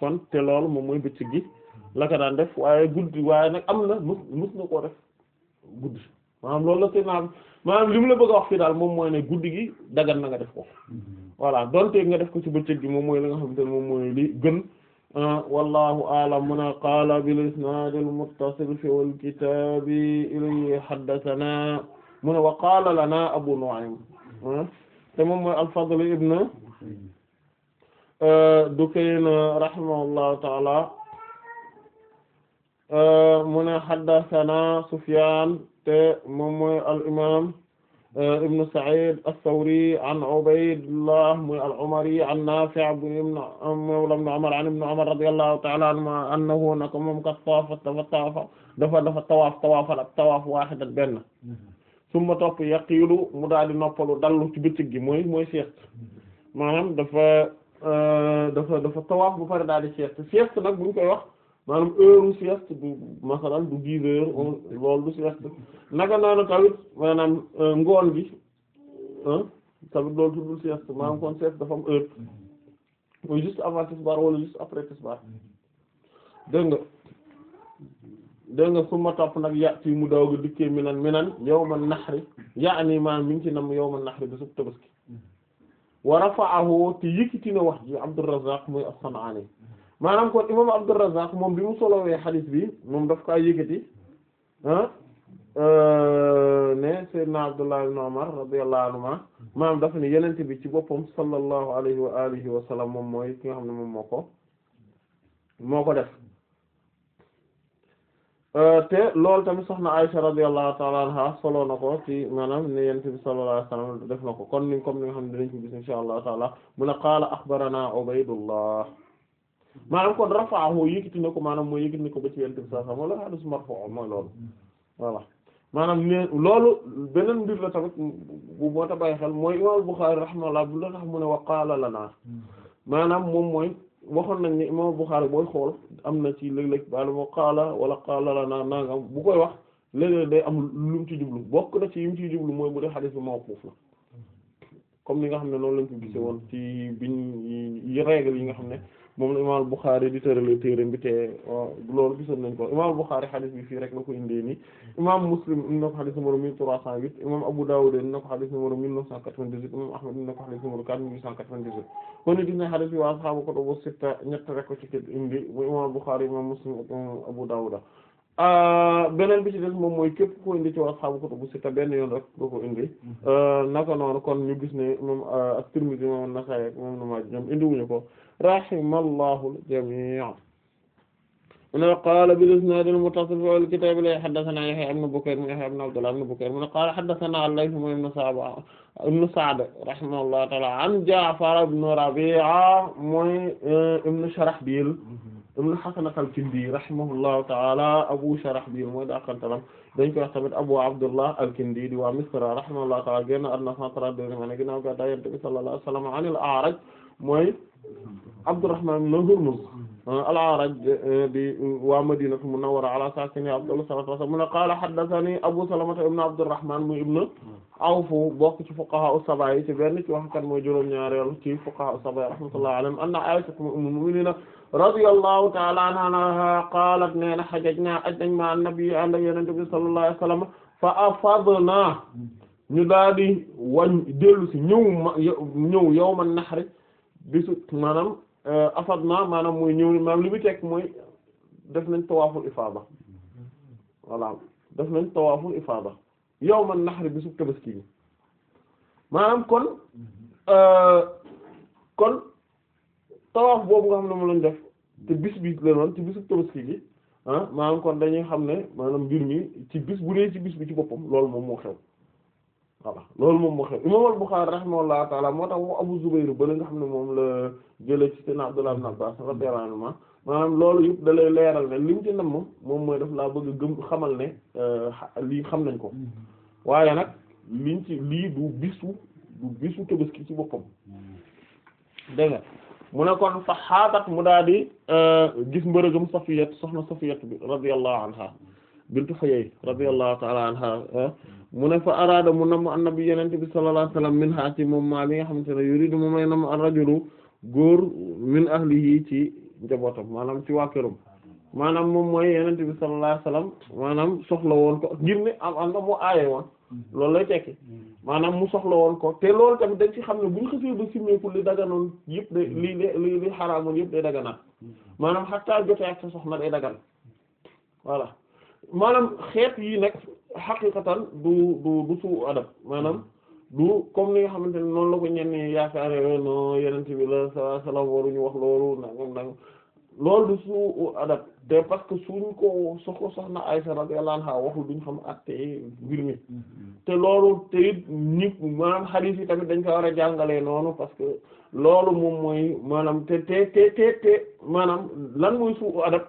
kon te loolu moom mooy bëccëg gi la ko daan def waaye guddi waaye nag am na mës mës na koo def guddi maanaam loolu la naa maanaam li mu la bëgg wax fii daal moom mooy ne guddi gi dagan na nga def ko mm-hmm. voilà donte nga def ko ci bëccëg gi moom mooy li nga xamante ne moom mooy li gën ah, wallahu a'lam mana qaala bil isnad al fi al kitab ilayhi haddathana mun wa qaala lana abu nu'aym ah, te moom mooy al fadl ibn dukayn rahimahullahu ta'ala ah, mun haddathana sufyan te moom mooy al imam eh, ibn Sa'id as-Sawri an Ubaydullah mooy al-Umari an Nafi' mawla ibn Umar an ibn Umar radiyallahu ta'ala anhuma annahu naka moom kat tawaafa tawaafa dafa dafa tawaaf tawaafal ak tawaaf waahidan benn summa topp yaqiilu mu daal di noppalu dallu ci bëccëg gi mooy mooy sieste maanaam dafa eh, dafa dafa tawaaf bu pare daal di sieste sieste nag buñ koy wax maanaam heure sieste du masalan du dix mm. heures loolu du sieste naka noonu tamit maanaam euh, ngoon gi tamit loolu tuddul sieste maanaam kon sieste dafa am heure mm. mooy avant tisbaar wala juste après tisbaar mm. dégg nga dégg nga su ma topp nag yàtti mu daw ga dikkee minan minan yawma naxri yaani maanaam mi ngi ci nam yawma naxri bi sub tabaski wa rafa'ahu te yëkkati wax ji Abdurrazzaq muy as maanaam ko imam Abdurrazzaq moom bi mu solowee xadiis bi moom daf kaa yëkkati ah euh, ne Seydina Abdullah ibn Umar radiyallahu anhuma maanaam dafa ne yenente bi ci boppam sallallahu alayhi wa alihi wa sallam moom mooy ki nga xam ne moom moo ko moo ko def euh, te loolu tamit soxna Aysa radiyallahu ta'ala anha solo na ko ci maanaam ne yonent bi sallallahu alayhi wasallam def na ko kon ni kom ni nga xam ne dinañ ko gis insha Allah ta'ala mu ne qaala axbarana Ubaydullah maanaam kon rafaahu yëkkati na ko maanaam mooy yëkkati na ko ba ci yonent bi sallallahu alayhi wa sallam wala hadith marfu' loolu voilà maanaam ne loolu beneen mbir la tamit bu moo ta bàyyi xel mooy imam Bukhari rahimahullah bi la tax mu ne wa qaala lanaa maanaam moom mooy waxoon nañ ne imam Bukhari booy xool am na ci léeg-léeg bala moo qaala wala qaala lanaa nangam bu koy wax léeg-léeg day am lu mu ci jublu bokk na ci yu mu ciy jublu mooy bu dee hadith bi mawquf la comme li nga xam ne noonu lañ ko woon ci biñ yi yi nga xam ne moom la imaam Bukhari di tërale téere bi loolu gisoon nañ ko imaam Bukhari xadis bi fii rek la ko indee imaam Muslim indi na ko xadis numéro mille trois cent huit imaam Abu Dawud indi na ko xadis numéro mille neuf cent quatre-vingt-dix-huit imaam Ahmad indi na ko xadis numéro quatre mille huit cent quatre-vingt-dix-huit kon ni gis na xadis bi waa sahaaba ko indi imaam Abu Dawud ah, beneen bi ci des moom mooy képp ko indi ci waa ashaabu kutubu sitta benn yoon rek doo ko indi mm-hmm. ah, naka noonu kon ñu gis ne moom at ah, moom Nasaa'i moom nu maa ñoom ko rahimallahu al-jamii' mu ne qaala bil-isnaad al-muttasil fi al-kitaab li haddathanaa Yahyaa ibn Bukayr mu Yahyaa ibn Abdullah ibn Bukayr mu ne qaala haddathanaa al-Layth ibn Sa'd ibn Sa'd rahimahullahu ta'aala an Ja'far ibn Rabi'a mooy eh, ibn Sharahbil ibn Hasan al-Kindi rahimahullahu ta'aala Abu Sharahbil mooy daakantalam dañ koy wax tamit Abu Abdullah al-Kindi di waa Misra rahimahullahu ta'aala génn àdduna 132 ginnaaw gàddaay Yonent bi sallallahu alayhi wa sallam an al-A'raj mooy Abdurrahman ibn Hurmuz al-A'raj di eh, waa Madinatu Munawwara ala saakinihaa afdalu salaatu wa salaam mu ne qaala haddathanii Abu Salamata ibn Abdurrahman mu ibn Awf bokk ci fuqahaa'u sab'a yi ci benn ci waxkat mooy juróom-ñaareelu ci fuqahaa'u sab'a rahmatullahi alayhim anna Aisha ummul mu'miniina radiyallahu ta'ala anhaa qaalat nee na hajajnaa aj nañ ma'a an-nabi ànd ak Yonent bi sallallahu alayhi wa sallam fa afadnaa ñu daal di wañ dellu si ñëw ma ñëw yawman nahri bisu maanaam Euh, afad na maanaam mooy ñëw maanaam li muy tekk mooy def nañ tawaaful ifaada voilà def nañ tawaaful ifaada yawman nahr bi sub tabaski bi maanaam kon euh, kon tawaaf boobu nga xam ne moom lañ def te bis bi la noon ci bisub tabaski gi ah maanaam kon dañuy xam ne maanaam mbir mi ci bis bu dee ci bis bi ci boppam loolu moom moo xew voilà loolu moom moo xam imam al-Bukhari rahimahullahu taala moo tax wax Abu Zubayr ba nga xam ne moom la jëlee ci seen Abdullah ibn Abbas radiyallahu anhu maanaam loolu yëpp da leeral ne li mu ci moom moom mooy def laa bëgg a gëm xamal ne euh, lii xam nañ ko mm-hmm. waaye nag liñ ci lii du bisu du bisu tabaski ci boppam mm-hmm. dégg nga mu ne kon fa xaatat mu daal di euh, gis mbërëgam Safiyat soxna Safiyat bi radiyallahu anha bintu Huyay radiyallahu taala anha mu ne fa araada mu namm annabi yonent bi sallallahu alayhi wasallam min ha ci moom maa li nga xamante ne yuridu moom lay namm ar-rajulu góor min ahlihi ci njabootam maanaam ci waa këram maanaam moom mooy yonent bi sallallahu alayhi wasallam maanaam soxla woon ko ngir ne am am na moo aaye woon loolu lay tekki maanaam mu soxla woon ko te loolu tamit dañ ci xam ne bu ñu xasee ba simmee pour li daganoon yëpp day li li li xaraamoon yëpp day daganaat maanaam xattaa jotee ak sa soxna day dagan xeet yi nag xaqiqatan du du du suu adab maanaam du comme ni nga xamante ne noonu la ko ñenn yaakaare no yenente bi la sa salam waruñu wax loolu nangam nangam loolu du suu adab de parce que suñ ko soxla soxna Aysa radiyallahu anha waxul duñ xam atte mbir te loolu te it ñi maanaam xadiis yi tamit dañ ko war a jàngalee noonu parce que loolu moom mooy maanaam te te te te maanaam lan mooy suu adab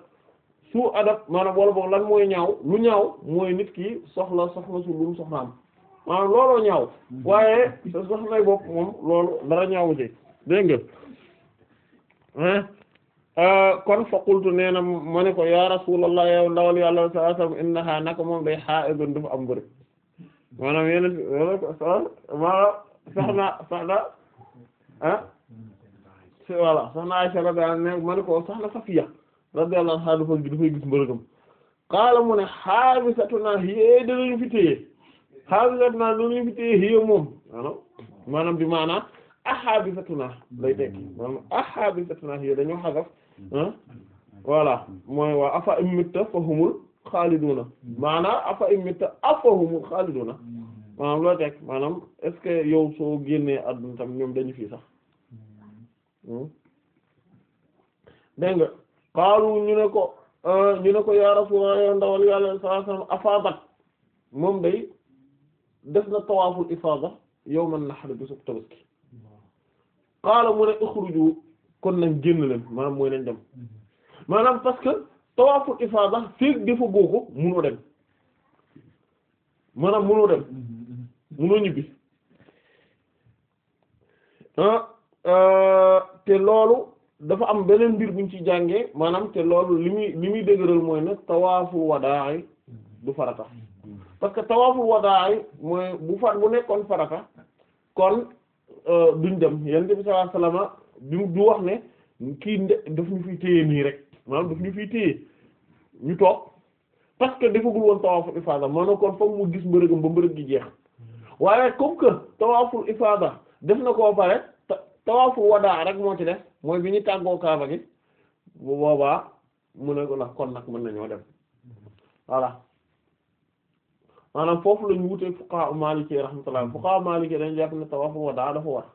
suu adab maanaam wala boog lan mooy ñaaw lu ñaaw mooy nit ki soxla soxla su lum soxnaam maanaam looloo ñaaw waaye sa soxlay bopp moom loolu dara ñaawu ci dégg nga euh, kon fa qultu nee na ma ne ya ndawal yàlla sallallahu alayhi wasallam innaha naka moom day haa'idun dafa am bëri maanaam yenen maanaam soxna soxna ah voilà soxna Safiya la anha dafa dafay gis mbërëgam qaala mu ne xaabisatunaa xiyee danañu fi fi téye xiyee moom maanaam maanaam bi maanaam axaabisatunaa lay tekk maanaam axaabisatunaa xiyee dañoo xasaf ah. voilà mooy waa afa immitta fa humul xaaliduna maanaam maanaam loo tekk maanaam est yow soo génnee àdduna tam ñoom dañu fii sax hmm. dégg nga qaalu ñu ne ko ah, ñu ne ko ya rasulullah yow ndawal yàlla sallallahu alayhi wasallam afaadat moom day def na tawaaful ifaada yawman nahr bi sub tabaski qaala mu ne uxruju kon nañ génn leen maanaam mooy nañ parce que tawaaful ifaada feek goo ko munoo dem ñibbi ah, ah, te loolu dafa am beneen mbir buñ ci jàngee maanaam te loolu li muy li muy dëgëral mooy ne tawaaful wadaay du farata parce que tawaaful wadaay mooy bu fat bu nekkoon farata kon euh, duñ dem yonent bi sallallahu alayhi du du wax ne kii daf ñu fiy téye nii rek maanaam daf ñu fiy téye ñu toog parce que defagul woon tawaaful ifaada maanaam kon foog mu gis mbërëgam ba mbërëg gi jeex waaye comme que tawaaful ifaada def na koo pare tawaaful wadaa rek moo ci def mooy bi ñu tàggoo kaaba gi bu boobaa mu ne ko nag kon na mën nañoo dem voilà maanaam foofu lañu wutee fuqaha maliki rahmatullah fuqaha maliki dañ jàpp ne tawafu wadaa dafa war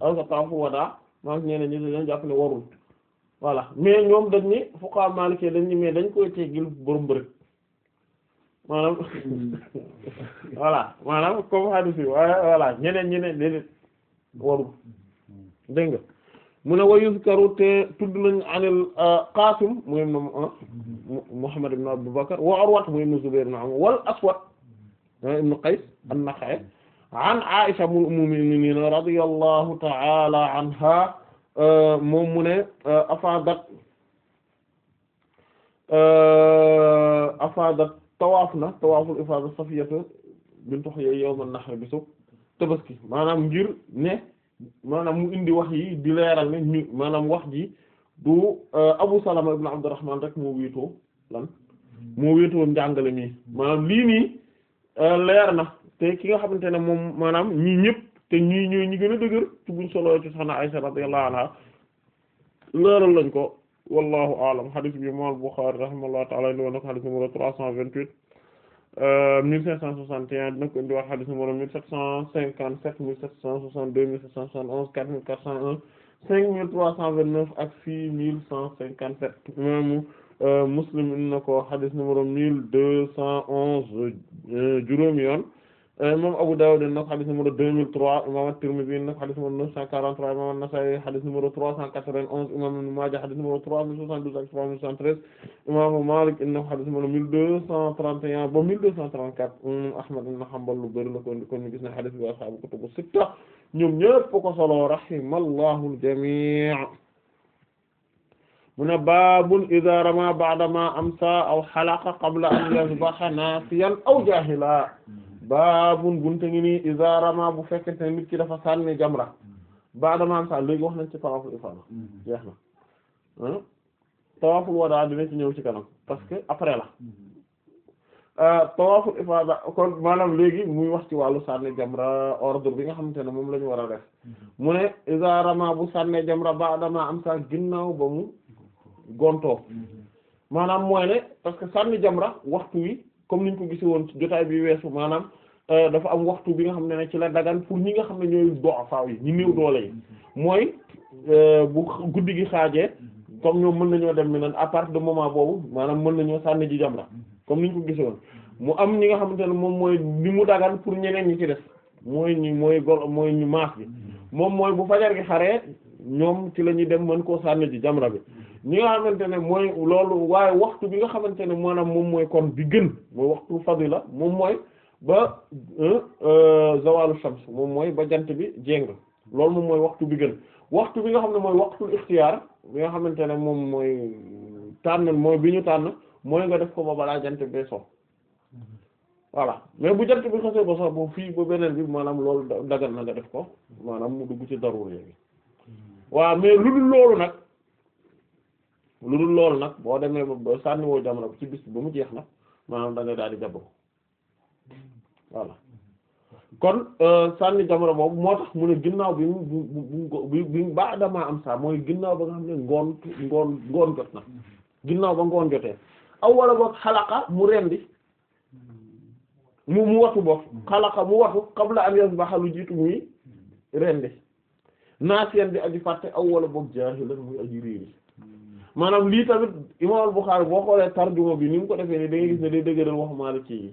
alors que tawafu wadaa maanaam ñeneen ñi dañ ñeneen ñeneen warul dégg mu ne wa yuzkaru te tudd nañ anil euh, Qaasim muy euh, Muhammad ibn Abu Bakr wa Urwa muy ibn Zubayr ibn Amr wal Aswad euh, ibn Qays an-Nakha'i an Aisha ummul mu'minin radiyallahu ta'ala anha moom mu ne afadat afadat tawaaf na tawaaful ifaada Safiyatu bint Huyay yawm an-nahr bisu tabaski maanaam ngir ne maanaam mu indi wax yi di leeral ne ñu maanaam wax ji du euh, Abu Salama ibn Abdurrahman rek moo wéetoo lan moo wéetoo njàngale mi maanaam lii nii euh, leer na te ki nga xamante ne moom maanaam ñii ñëpp te ñii ñooy ñi gën a dëgër ci buñ solo ci soxna Aysa radiyallahu anha leeral lañ ko wallahu aalam hadith bi imam Bukhari rahimahullahu ta'ala indi woon na ko hadith trois cent vingt-huit Euh, mille cinq cent soixante et un dina ko indi waat xadis numéro mille sept cent cinquante sept mille sept cent soixante deux mille cent soixante onze quatre mille quatre cent un cinq mille trois cent vingt neuf ak six mille cent cinquante sept imaamu euh, Muslim indi na ko xadis numéro mille deux cent onze euh, juróomi yoon imam euh, Abu Dawud na ko xadis numéro 2003 imam At-Tirmidhi na ko xadis numéro 943 imam An-Nasa'i xadis numéro 391 imam Ibn Maaja xadis numéro 3072 ak 3073 imam Malik na ko xadis numéro 1231 ba 1234 imam Ahmad ibn Hanbal lu bari la kon kon gis na xadis bi ashaabu kutubu sitta ñoom ñépp ko solo rahimallahu al-jamii' mu ne baabun idha rama ba'da ma amsa aw halaqa qabla an yasbaha nasiyan aw jahila baabun bunte ngi nii isarama bu fekkente ne nit ki dafa sànni jamra baadaman sa léegi wax nañ ci tawaful ifada mm-hmm. jeex na tawaful wada dina ci ñëw ci kanam parce que après la mm-hmm. euh, tawaful ifada kon maanaam léegi muy wax ci wàllu sànni jamra ordre bi nga xamante ne moom la ñu war a def mm-hmm. mu ne isarama bu sànni jamra baadama am sa ginnaaw ba mu gontoo maanaam mooy ne parce que sànni jamra waxtu wi comme niñ ko gisi woon ci jotaay bi weesu maanaam Euh, dafa am waxtu bi nga xam ne ne ci la dagan pour ñi nga xam ne ñooy du'afa yi ñi néew doole yi mooy euh, bu guddi gi xaajee comme ñoom mën ñoo dem Mina à partir de moment boobu maanaam mën nañoo sànni ji jamra comme niñ ko gisoon mu am ñi nga xamante ne moom mooy li mu dagan pour ñeneen ñi ci def mooy ñi mooy gol mooy ñu maas bi moom mooy bu fajar gi xaree ñoom ci la ñuy dem mën koo sànni ji jamra bi ñi nga xamante ne mooy loolu waaye waxtu bi nga xamante ne maanaam moom mooy kon bi gën mooy waxtu la moom mooy ba euh, euh, zawalu shams moom mooy ba jant bi jéng loolu moom mooy waxtu bi gën waxtu bi nga xam ne mooy waxtul ixtiyaar bi nga xamante ne moom mooy tànn mooy bi ñu tànn mooy nga def ko ba balaa jant bi so voilà mais bu jant bi xasee ba so boobu fii ba beneen bi maanaam loolu dagal na nga def ko maanaam mu dugg ci darur yi waaw mais lu dul loolu nag lu dul loolu nag boo demee ba sànniwoo jamono bi ci bis ba mu jeex na maanaam da nga daal di jàpp ko voilà kon euh, sànni jamono boobu moo tax mu ne ginnaaw bi bu bu baax damaa am saa mooy ginnaaw ba nga xam ne ngoon ngoon ngoon jot na ginnaaw ba ngoon jotee aw wala boog xalaqa mu rendi mu mu watu boog xalaqa mu watu qabla an yasbaha lu jiitu muy rendi naasiyeen bi aji fàtte aw wala boog la muy aji réeri maanaam lii tamit imaam Buxaari boo xoolee tarjuma bi ni mu ko defee nii da ngay gis ne day dëgëral wax Maaliki yi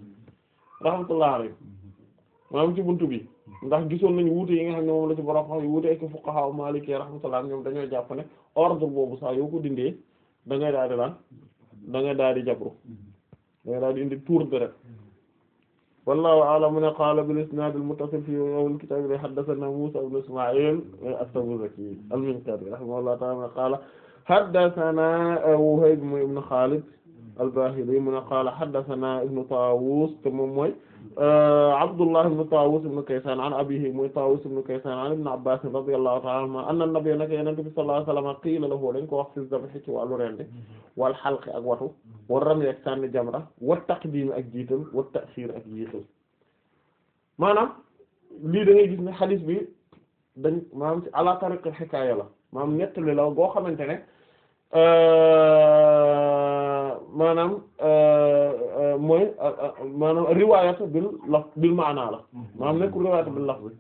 rahmatullah alayhi mm-hmm. maanaam ci bunt bi mm-hmm. ndax gisoon nañu wuute yi nga xam ne moom la ci borom xam wuute ak fuqaha maliki rahmatullah ñoom dañoo jàpp ne ordre boobu saa yoo ko dindee da ngay daal di lan daal di jabru mm-hmm. da ngay daal di indi tour bi rek wallahu a'lam mu a qaala bil isnaad al muttasil fi awwal kitaab bi haddathana Muusaa ibn Ismaa'iil at-Tabuzaki al-Minkari rahimahullahu ta'ala qaala haddathana al-Bahili mu ne qaala haddathana ibnu Taawus te moom mooy euh, Abdullah ibnu Taawus ibnu Kaysaan an abiihi mooy Taawus ibnu Kaysaan an ibnu Abbaas radiyallahu ta'ala anhumaa anna nabiyya nag Yonent bi sallallahu alayhi wa sallam qiila lahu dañ ko wax fi zabhi ci wàllu rendi wal halqi ak watu war rami ak sànni jamra wa taqdiim ak jiital wa ta'xiir ak jiital maanaam lii da ngay gis ne xadiis bi dañ maanaam ci ala tariq al-hikaaya la maanaam nettali la boo xamante ne. Euh, maanaam euh, euh, mooy euh, maanaam riwaayatu bil laf bil maanaa la maanaam nekkul riwaayatu bil laf bi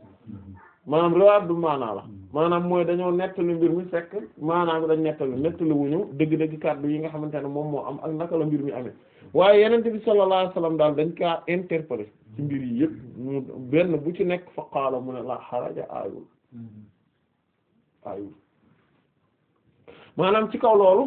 maanaam riwaayatu bil maanaa la maanaam mooy dañoo nettali mbir mi fekk maanaam dañ nettali nettali wuñu dëgg-dëgg kàddu yi nga xamante ne moom moo am ak naka la mbir mi amee waaye yenente bi sallallahu alayhi wasallam daal dañ kaa interpeller ci mbir yi yëpp mu benn bu ci nekk fa qaala mu ne la xaraja aayul aayul maanaam ci kaw loolu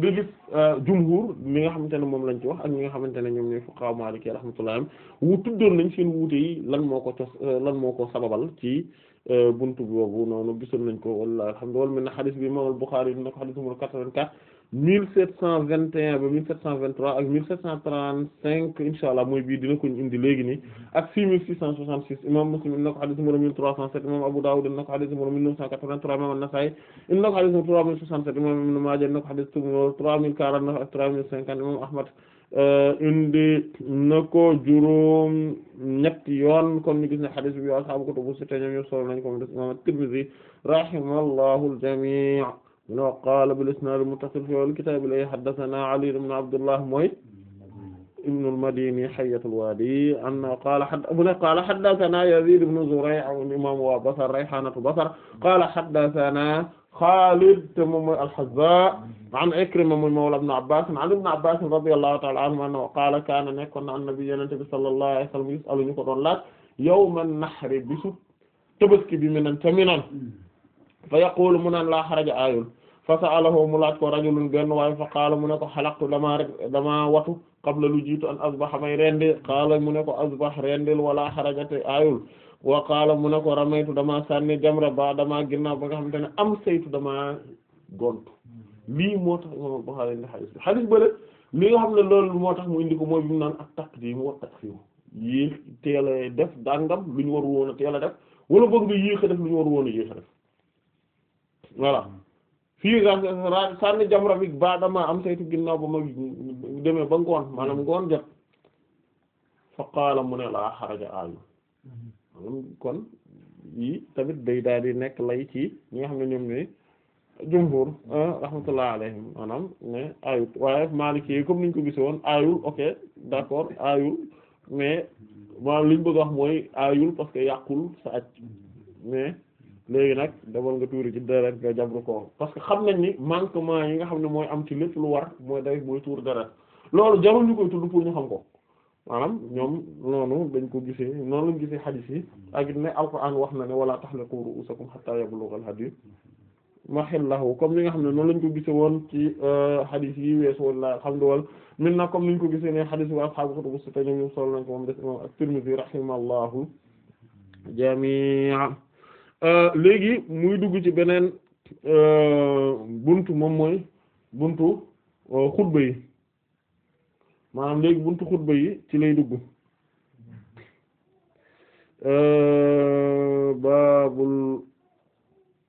nga gis euh, jumhur mi nga xamante ne moom lañ ci wax ak mi nga xamante ne ñoom ñooy fuqaha maliki rahmatullah wu tuddoon nañ seen wuute yi lan moo ko tos euh, lan moo ko sababal ci euh, bunt boobu noonu gisoon nañ ko wala alhamdulillah wala mel ne xadis bi imam al-Bukhari dina ko xadis numéro 84 mille sept cent vingt et un ba mille sept cent vingt trois ak mille sept cent trente cinq insha allah mooy bii dina ko ñu indi léegi nii ak six mille six cent soixante six imam Muslim inna ko hadith numéro mille trois cent sept imam Abu Dawud inna ko hadith numéro mille neuf cent quatre vingt trois imam An-Nasa'i inna ko trois mille soixante sept imam Ibn euh, indi na ko juróom ñetti yoon kon ñu gis ne hadith bi ashaabu kutubu sitta ñoom ñëpp solo nañ ko moom des imam At-Tirmidhi rahimahullahu al mune wa qaala bil isnaad muttasil fi al kitaab ilay haddasanaa Ali ibn Abdullah mooy ibn al-Madini Hayyat al-Waadi anna qaala mu ne qaala haddasanaa Yaziid ibn Zuray' imaam waa Basra rayhaanatu Basra qaala haddasanaa Xaalid te moom mooy al-Hazzaa an Ikrima mooy mawla ibn Abbaas an ibn Abbaas radiyallahu ta'aala anhumaa qaala kaana nekkoon na an-nabi Yonent bi sallallahu alayhi wa sallam yus'aluñu ko doon laaj yawma an-nahri bisu Tabaski bi Minan ca Minan fa yaquulu mu naan laa haraja aayul fa sa'alahu mu laaj ko rajulun benn waaye fa qaala mu ne ko xalaqtu damaa rek damaa watu qabla lu jiitu an asbaha may rendi qaala mu ne ko asbah rendil wala xarajate aayul wa qaala mu ne ko ramaytu damaa sànni jamra ba damaa ginnaaw ba nga xamante ne am saytu damaa gontu lii moo tax imam Bukhari indi xadis bi xadis bële li nga xam ne loolu moo tax mu indi ko mooy mu naan ak taqdim wa taqsim yéex teel a def dàngam lu ñu war woon a teel def wala bëgg nga yéex a def lu war woon a yéex def voilà fii ra sànni jamra bi ba dama am saytu ginnaaw ba ma demee ba ngoon maanaam ngoon jot fa qaala mu ne laa xaraja ayu maanaam nekk lay ci ñi nga xam ne ñoom ah, ne jumhur rahmatullah waaye maliki yi comme niñ ko gisee woon ayul ok d'accord ayul mais maanaam liñ bëgg wax mooy ayul parce que yàqul sa aj léegi nag demal nga tuuri ci deret nga jabru ko parce que xam nañ ni manquement yi nga xam ne mooy am ci lépp lu war mooy day mooy tuur deret loolu jarul ñu koy tudd pour ñu xam ko maanaam ñoom noonu dañ ko gisee noonu lañ gisee xadiis yi ak it ne alxuraan wax na ne wala tahliqu ru'usakum hatta yablugha al-hadiyu mahillahu comme li nga xam ne noonu lañ ko gisee woon ci euh, xadiis yi weesu walla alhamdulillah maintenant comme niñ ko gisee ne xadiis wa ashaabu kutubu sitta ñoom ñoom solo nañ ko moom des imam ak Tirmidhi rahimahullahu jami'a Euh, léegi muy dugg ci beneen euh, buntu moom mooy buntu euh, xutba yi maanaam léegi buntu xutba yi ci lay dugg baabul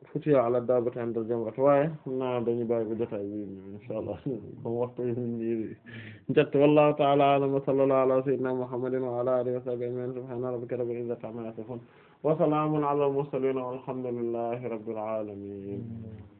futiya ala daabati inda jamrat waaye xam naa dañu bàyyi bu jotaay bi insha allah comme waxtu yi njett wallahu ta'ala a'lam wa sallallahu ala sayyidina muhammadin wa ala alihi wa sahbihi ajma'in subhana rabbika rabbil izzati amma wa salaamun ala al mursalin walhamdulillahi rabbil alamin